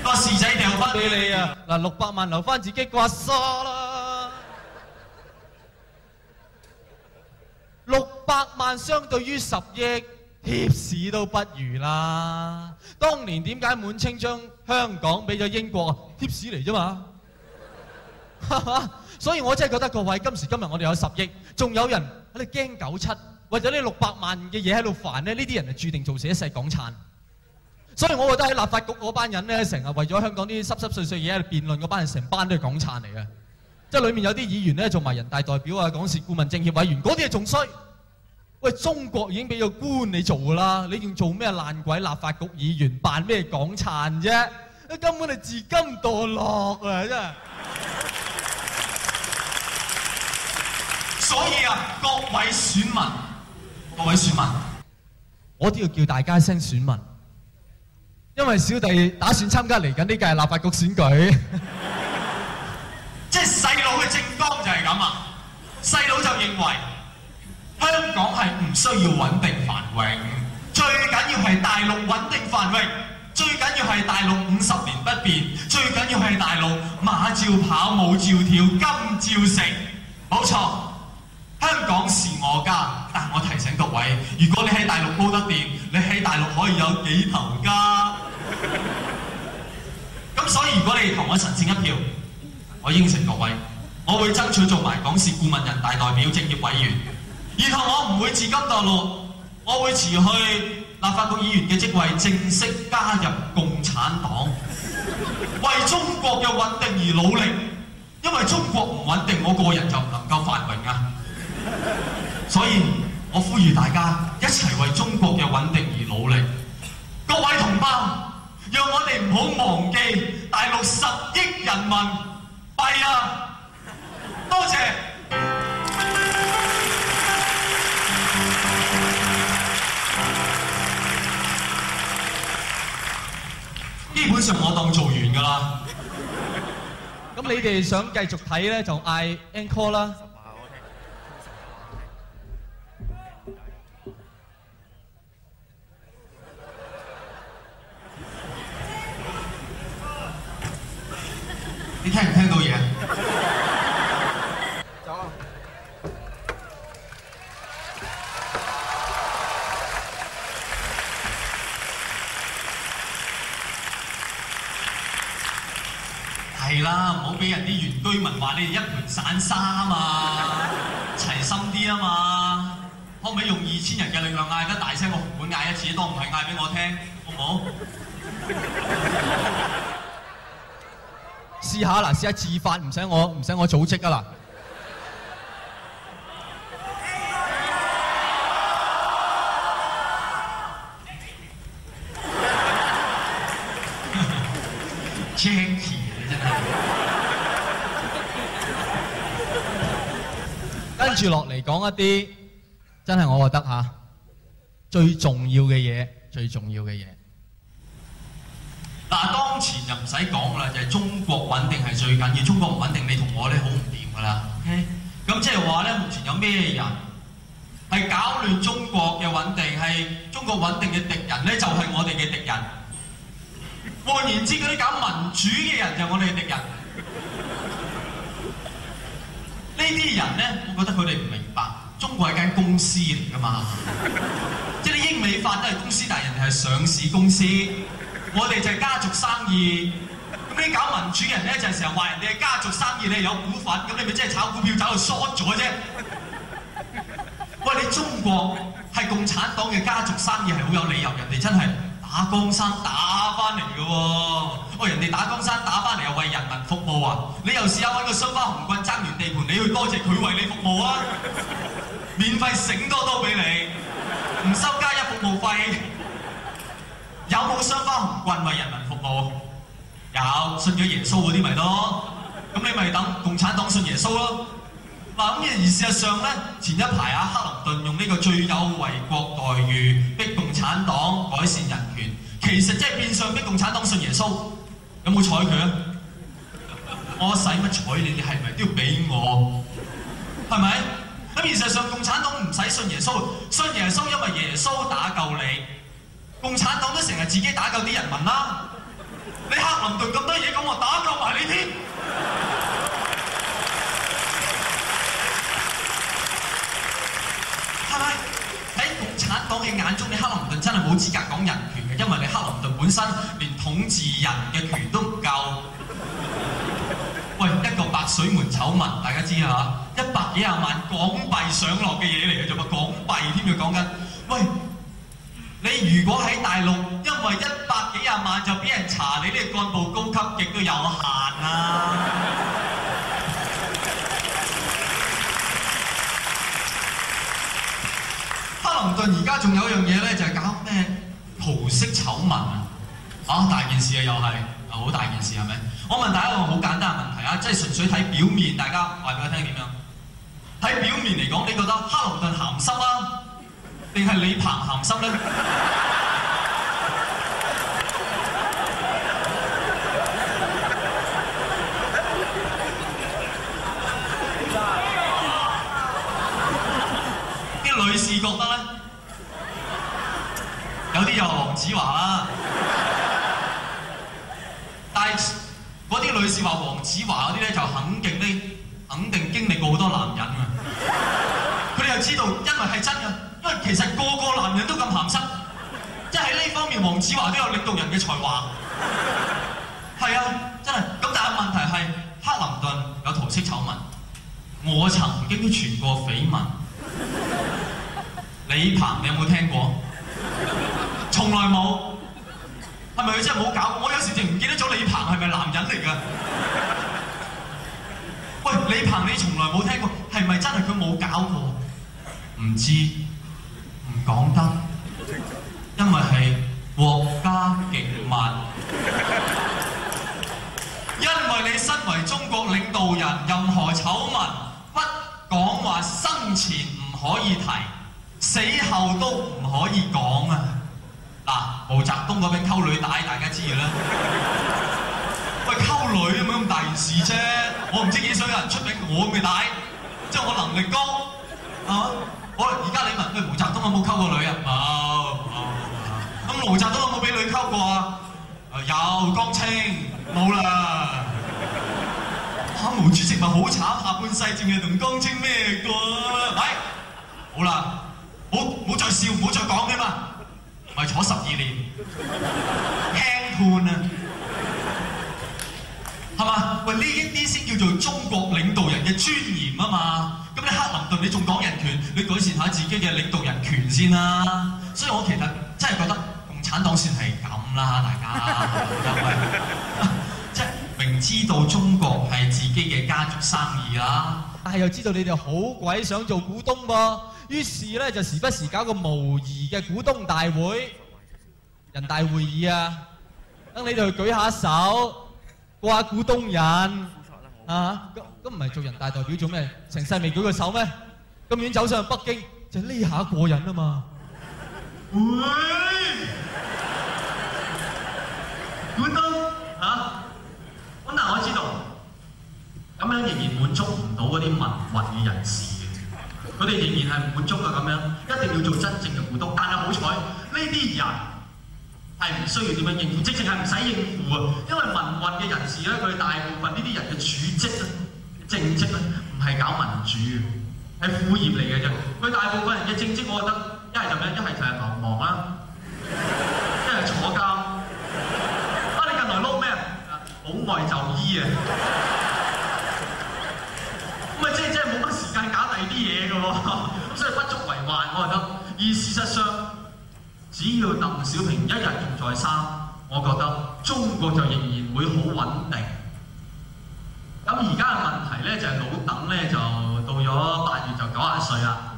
個士仔掉翻俾你啊！嗱，六百萬留翻自己刮沙啦。六百萬相對於十億貼士都不如啦！當年點解滿清將香港俾咗英國啊？貼士嚟啫嘛！ 所以我真係覺得各位今時今日我哋有十億，仲有人喺度驚九七，為咗呢六百萬嘅嘢喺度煩咧，呢啲人係注定做死一世港燦。所以我覺得喺立法局嗰班人咧，成日為咗香港啲濕濕碎碎嘢喺度辯論，嗰班人成班都係港燦嚟嘅。即係裏面有啲議員咧，做埋人大代表啊、港事顧問、政協委員，嗰啲係仲衰。喂，中國已經俾個官你做㗎啦，你仲做咩爛鬼立法局議員，扮咩港燦啫？根本就自甘墮落啊！真係。所以啊，各位選民，各位選民，我都要叫大家聲選民，因為小弟打算參加嚟緊呢屆立法局選舉。 即係細佬嘅政綱就係咁啊！細佬就認為香港係唔需要穩定繁榮，最緊要係大陸穩定繁榮，最緊要係大陸五十年不變，最緊要係大陸馬照跑，舞照跳，金照食。冇錯，香港是我家。但我提醒各位，如果你喺大陸高得掂，你喺大陸可以有幾頭家。咁 所以如果你同我神聖一票。我應承各位，我會爭取做埋港事顧問、人大代表、政協委員，然後我唔會自甘墮落，我會辭去立法局議員嘅職位，正式加入共產黨，為中國嘅穩定而努力。因為中國唔穩定，我個人就唔能夠繁榮啊！所以我呼籲大家一齊為中國嘅穩定而努力，各位同胞，讓我哋唔好忘記大陸十億人民。係啊，多謝。基本上我當做完㗎啦，咁 你哋想繼續睇咧，就嗌 encore 啦。你聽唔聽到嘢？走、啊。係啦，唔好俾人啲原居民話你哋一盤散沙啊嘛，齊心啲啊嘛，可唔可以用二千人嘅力量嗌、啊、得大聲過紅館嗌一次，當唔係嗌俾我聽，好唔好？ 試下啦，試下自發，唔使我唔使我組織㗎啦！千祈 真係，跟住落嚟講一啲真係，我覺得吓，最重要嘅嘢，最重要嘅嘢。目前就唔使講啦，就係中國穩定係最緊要。中國唔穩定，你同我咧好唔掂噶啦。OK？咁即係話咧，目前有咩人係搞亂中國嘅穩定，係中國穩定嘅敵人咧，就係我哋嘅敵人。換言之，嗰啲搞民主嘅人就係我哋嘅敵人。 呢啲人咧，我覺得佢哋唔明白，中國係間公司嚟噶嘛？ 即係你英美法都係公司，但係人哋係上市公司。我哋就係家族生意，咁啲搞民主人咧就成日話人哋係家族生意，你有股份，咁你咪即係炒股票走去 short 咗啫。喂，你中國係共產黨嘅家族生意係好有理由，人哋真係打江山打翻嚟嘅喎。喂、哦，人哋打江山打翻嚟又為人民服務啊！你又試下揾個雙花紅棍爭完地盤，你去多謝佢為你服務啊！免費醒多多俾你，唔收加一服務費。有冇雙方唔慣為人民服務？有信咗耶穌嗰啲咪多，咁你咪等共產黨信耶穌咯。嗱，咁而事實上咧，前一排啊，克林頓用呢個最有為國待遇逼共產黨改善人權，其實即係變相逼共產黨信耶穌。有冇睬佢啊？我使乜睬你？你係咪都要俾我？係咪？咁事實上共產黨唔使信耶穌，信耶穌因為耶穌打救你。共產黨都成日自己打救啲人民啦，啊，你克林頓咁多嘢，噉我打救埋你添，係 咪？喺共產黨嘅眼中，你克林頓真係冇資格講人權嘅，因為你克林頓本身連統治人嘅權都唔夠。喂，一個白水門醜聞，大家知啊？一百幾廿萬港幣上落嘅嘢嚟嘅啫嘛，港幣添就講緊，喂。你如果喺大陸，因為一百幾廿萬就俾人查你，你呢個幹部高級極都有限啊！克 林頓而家仲有樣嘢咧，就係、是、搞咩桃色醜聞啊！啊，大件事啊，又係啊，好大件事係咪？我問大家一個好簡單嘅問題啊，即係純粹睇表面，大家話俾我聽點樣？睇表面嚟講，你覺得克林頓鹹濕啦？定係李鵬鹹濕咧？啲 女士覺得咧，有啲就話黃子華啦。 但係嗰啲女士話黃子華嗰啲咧就肯定、咧，肯定經歷過好多男人啊！佢哋又知道，因為係真嘅。其實個個男人都咁鹹濕，即喺呢方面，黃子華都有領導人嘅才華。係啊，真係。咁但係問題係，克林頓有桃色醜聞，我曾經都傳過緋聞。李鵬，你有冇聽過？從來冇。係咪佢真係冇搞過？我有時淨唔記得咗李鵬係咪男人嚟㗎？喂，李鵬，你從來冇聽過，係咪真係佢冇搞過？唔知。講得，因為係國家極密。因為你身為中國領導人，任何醜聞不講話，生前唔可以提，死後都唔可以講啊！嗱，毛澤東嗰邊溝女仔，大家知嘅啦。喂，溝女有冇咁大件事啫？我唔知點解有人出名，我咁嘅仔，即係我能力高，係、啊喂，而家你問佢毛澤東有冇溝過女啊？冇。咁毛澤東有冇俾女溝過啊？有江青冇啦。嚇，毛主席咪好慘，下半世淨係同江青咩過？嚟，好啦，唔好再笑，唔好再講啫嘛。咪坐十二年，輕判啊，係嘛？喂，呢一啲先叫做中國領導人嘅尊嚴啊嘛。咁你克林頓你仲講人權，你改善下自己嘅領導人權先啦，啊。所以我其實真係覺得共產黨先係咁啦，大家各位，即係明知道中國係自己嘅家族生意啦，啊，但係又知道你哋好鬼想做股東噃，於是咧就時不時搞個模擬嘅股東大會、人大會議啊，等你哋去舉下手，過下股東人。啊！咁咁唔係做人大代表做咩？成世未舉過手咩？咁遠走上北京，就呢下過癮啦嘛！官，官東嚇，我但係我知道咁樣仍然滿足唔到嗰啲民運人士嘅，佢哋仍然係唔滿足嘅咁樣，一定要做真正嘅官東。但係好彩呢啲人。係唔需要點樣應付，即淨係唔使應付啊！因為民運嘅人士咧，佢大部分呢啲人嘅主職啊、正職啊，唔係搞民主，係副業嚟嘅啫。佢大部分人嘅正職，我覺得一係就咩、是？一係就係逃亡啊，一係坐監。啊！你近來撈咩啊？海外就醫啊！咁咪即係即係冇乜時間搞第二啲嘢嘅喎，所以不足為患我覺得。而事實上，只要鄧小平一日仍在生，我覺得中國就仍然會好穩定。咁而家嘅問題咧就係老鄧咧就到咗八月就九十歲啦。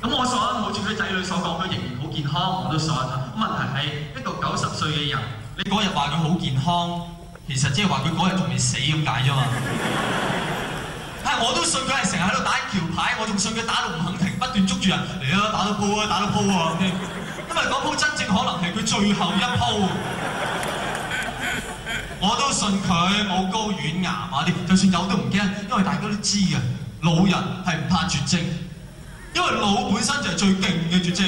咁我想，好似佢仔女所講，佢仍然好健康，我都想。問題係一個九十歲嘅人，你嗰日話佢好健康，其實即係話佢嗰日仲未死咁解啫嘛。那個 我都信佢係成日喺度打橋牌，我仲信佢打到唔肯停，不斷捉住人嚟啦，打到鋪啊，打到鋪啊，okay? 因為嗰鋪真正可能係佢最後一鋪。 我都信佢冇高軟牙啊啲，就算有都唔驚，因為大家都知啊，老人係唔怕絕症，因為老本身就係最勁嘅絕症。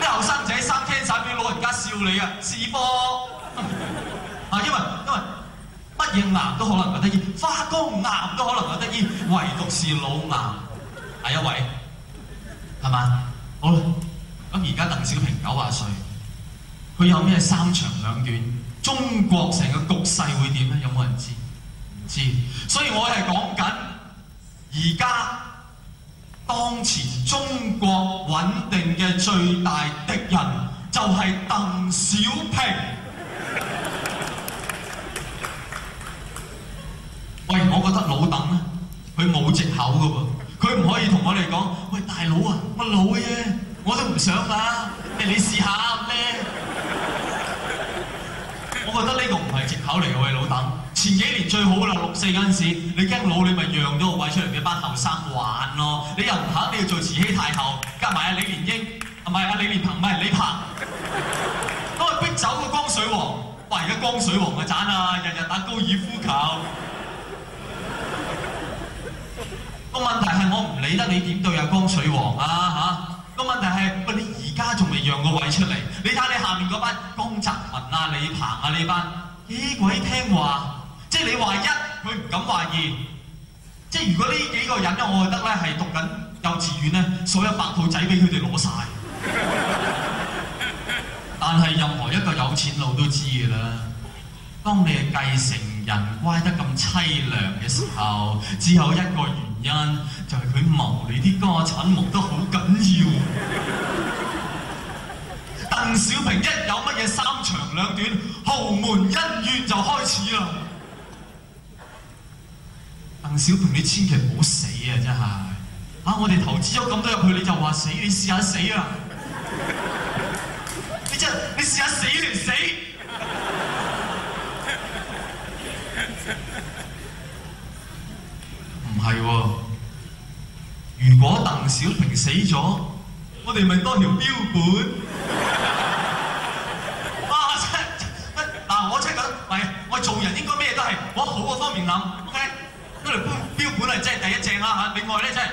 啲後生仔生 cancer 俾老人家笑你啊，是不？啊， 因為因為。乜嘢男都可能佢得意，花光男都可能佢得意，唯獨是老男，係一位，係咪？好，咁而家鄧小平九十歲，佢有咩三長兩短？中國成個局勢會點咧？有冇人知？唔知，所以我係講緊而家當前中國穩定嘅最大敵人就係鄧小平。我覺得老鄧咧，佢冇藉口噶噃，佢唔可以同我哋講，喂，大佬啊，乜老嘢，我都唔想㗎，你試下咧。我覺得呢個唔係藉口嚟嘅。喂，老鄧，前幾年最好啦，六四陣時，你驚老你咪讓咗個位出嚟俾班後生玩咯，你又唔肯，你要做慈禧太后，加埋阿李連英，係咪阿李連鵬？唔係李鵬，都係逼走個江水王，哇而家江水王嘅盞啊，日日、啊、打高爾夫球。個問題係我唔理得你點對阿江水王啊嚇！個、啊、問題係你而家仲未讓個位出嚟？你睇下你下面嗰班江澤民啊、李鵬啊呢班幾鬼聽話？即你話一，佢唔敢話二。即、就是、如果呢幾個人咧，我覺得咧係讀緊幼稚園咧，所有白兔仔俾佢哋攞晒。 但係任何一個有錢佬都知嘅啦，當你嘅繼承人乖得咁凄涼嘅時候，只有一個。原因就係、是、佢謀你啲家產謀得好緊要、啊。 鄧小平一有乜嘢三長兩短，豪門恩怨就開始啦。 鄧小平你千祈唔好死啊！真係，啊我哋投資咗咁多入去，你就話死，你試下死啊！ 你真，你試下死你、啊、死？ 唔係喎，如果鄧小平死咗，我哋咪多條標本。哇塞！嗱，我即係咁，唔係我做人應該咩都係往好嗰方面諗，OK？因為標標本係真係第一隻啦嚇，另外咧即係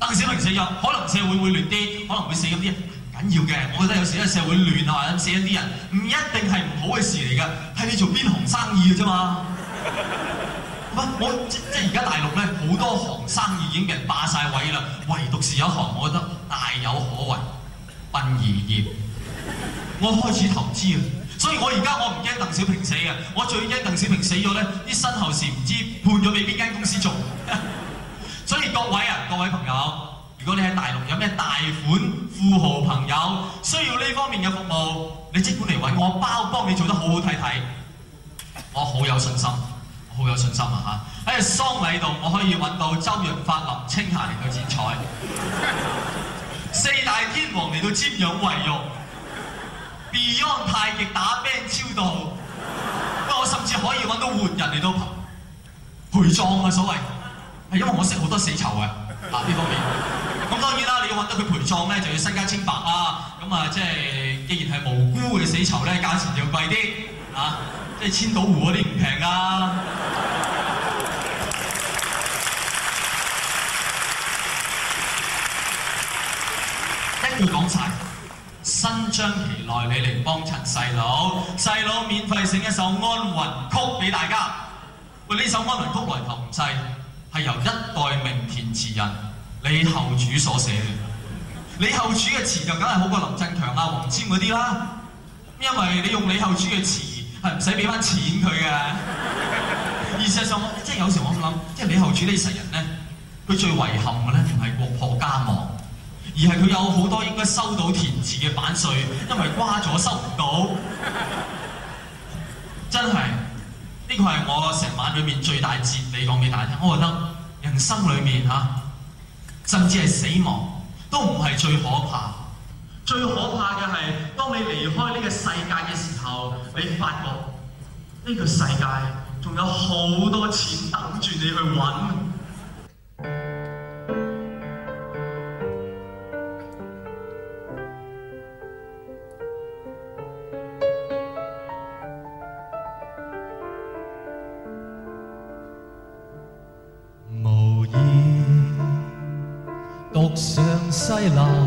鄧小平死咗，可能社會會亂啲，可能會死咗啲人，唔緊要嘅。我覺得有時咧社會亂啊，死咗啲人唔一定係唔好嘅事嚟㗎，係你做邊行生意嘅啫嘛。 我，我即即而家大陸咧，好多行生意已經俾人霸晒位啦，唯獨是有一行，我覺得大有可為，殯儀業。我開始投資啊，所以我而家我唔驚鄧小平死啊，我最驚鄧小平死咗咧，啲身後事唔知道判咗俾邊間公司做。 所以各位啊，各位朋友，如果你喺大陸有咩大款富豪朋友需要呢方面嘅服務，你即管嚟揾我包，我幫你做得好好睇睇，我好有信心。好有信心啊！喺喪禮度我可以揾到周潤發、林青霞嚟到剪彩，四大天王嚟到瞻仰遺容 Beyond 太極打咩超度，不 過我甚至可以揾到活人嚟到陪，陪葬啊。所謂，係因為我識好多死囚的啊。嗱呢方面。咁當然啦，你要揾到佢陪葬咧，就要身家清白啦啊。咁、就、啊、是，即係既然係無辜嘅死囚咧，價錢就貴啲。啊，即係千島湖啲唔平啊。一句講晒，新張期內你嚟幫襯細佬，細佬免費寫一首安魂曲俾大家。喂，呢首安魂曲來頭唔細，係由一代名填詞人李後主所寫嘅。李後主嘅詞就梗係好過林振強啊、黃霑嗰啲啦，因為你用李後主嘅詞。係唔使俾翻錢佢嘅，而事實上，即係有時候我咁諗，即係李後主實呢世人咧，佢最遺憾嘅咧，唔係國破家亡，而係佢有好多應該收到填詞嘅版稅，因為瓜咗收唔到。真係，呢、這個係我成晚裏面最大節，你講俾大家聽。我覺得人生裏面嚇、啊，甚至係死亡，都唔係最可怕。最可怕嘅係當你離開呢個世界嘅時候，你發覺呢、這個世界仲有好多錢等住你去揾。無意獨上西樓。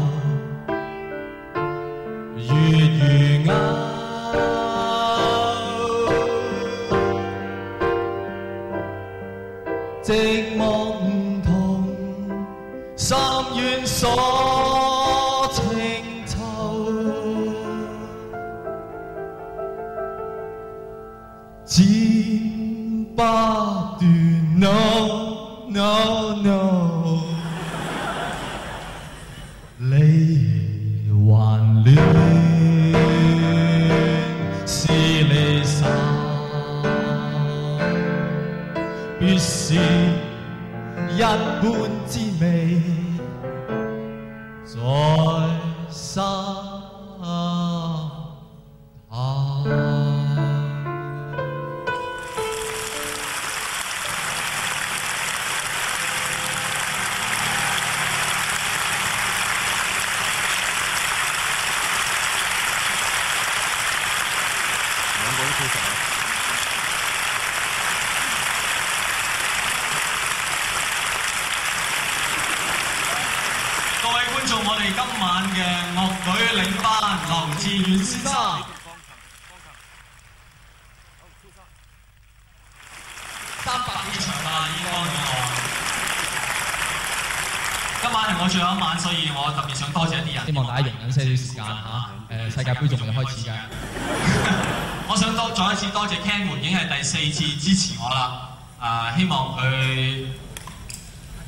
支持我啦！啊，希望佢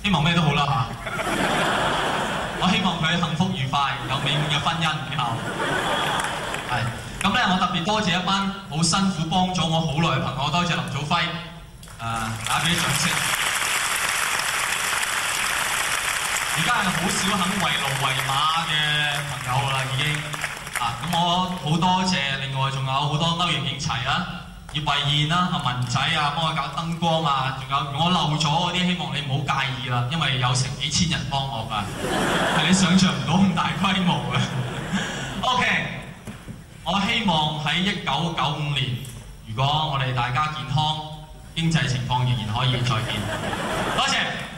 希望咩都好啦嚇，啊、 我希望佢幸福愉快，有美滿嘅婚姻以後。係咁咧，我特別多謝一班好辛苦幫咗我好耐嘅朋友，多謝林祖輝。誒、啊，打畀啲掌聲。而家係好少肯為奴為馬嘅朋友啦，已經啊，咁我好多謝另外仲有好多歐陽燕齊啊。維賢啦，阿文仔啊，幫我搞燈光啊，仲有我漏咗嗰啲，希望你唔好介意啦，因為有成幾千人幫我㗎，係 你想像唔到咁大規模嘅。OK，我希望喺一九九五年，如果我哋大家健康，經濟情況仍然可以再見。多謝,謝。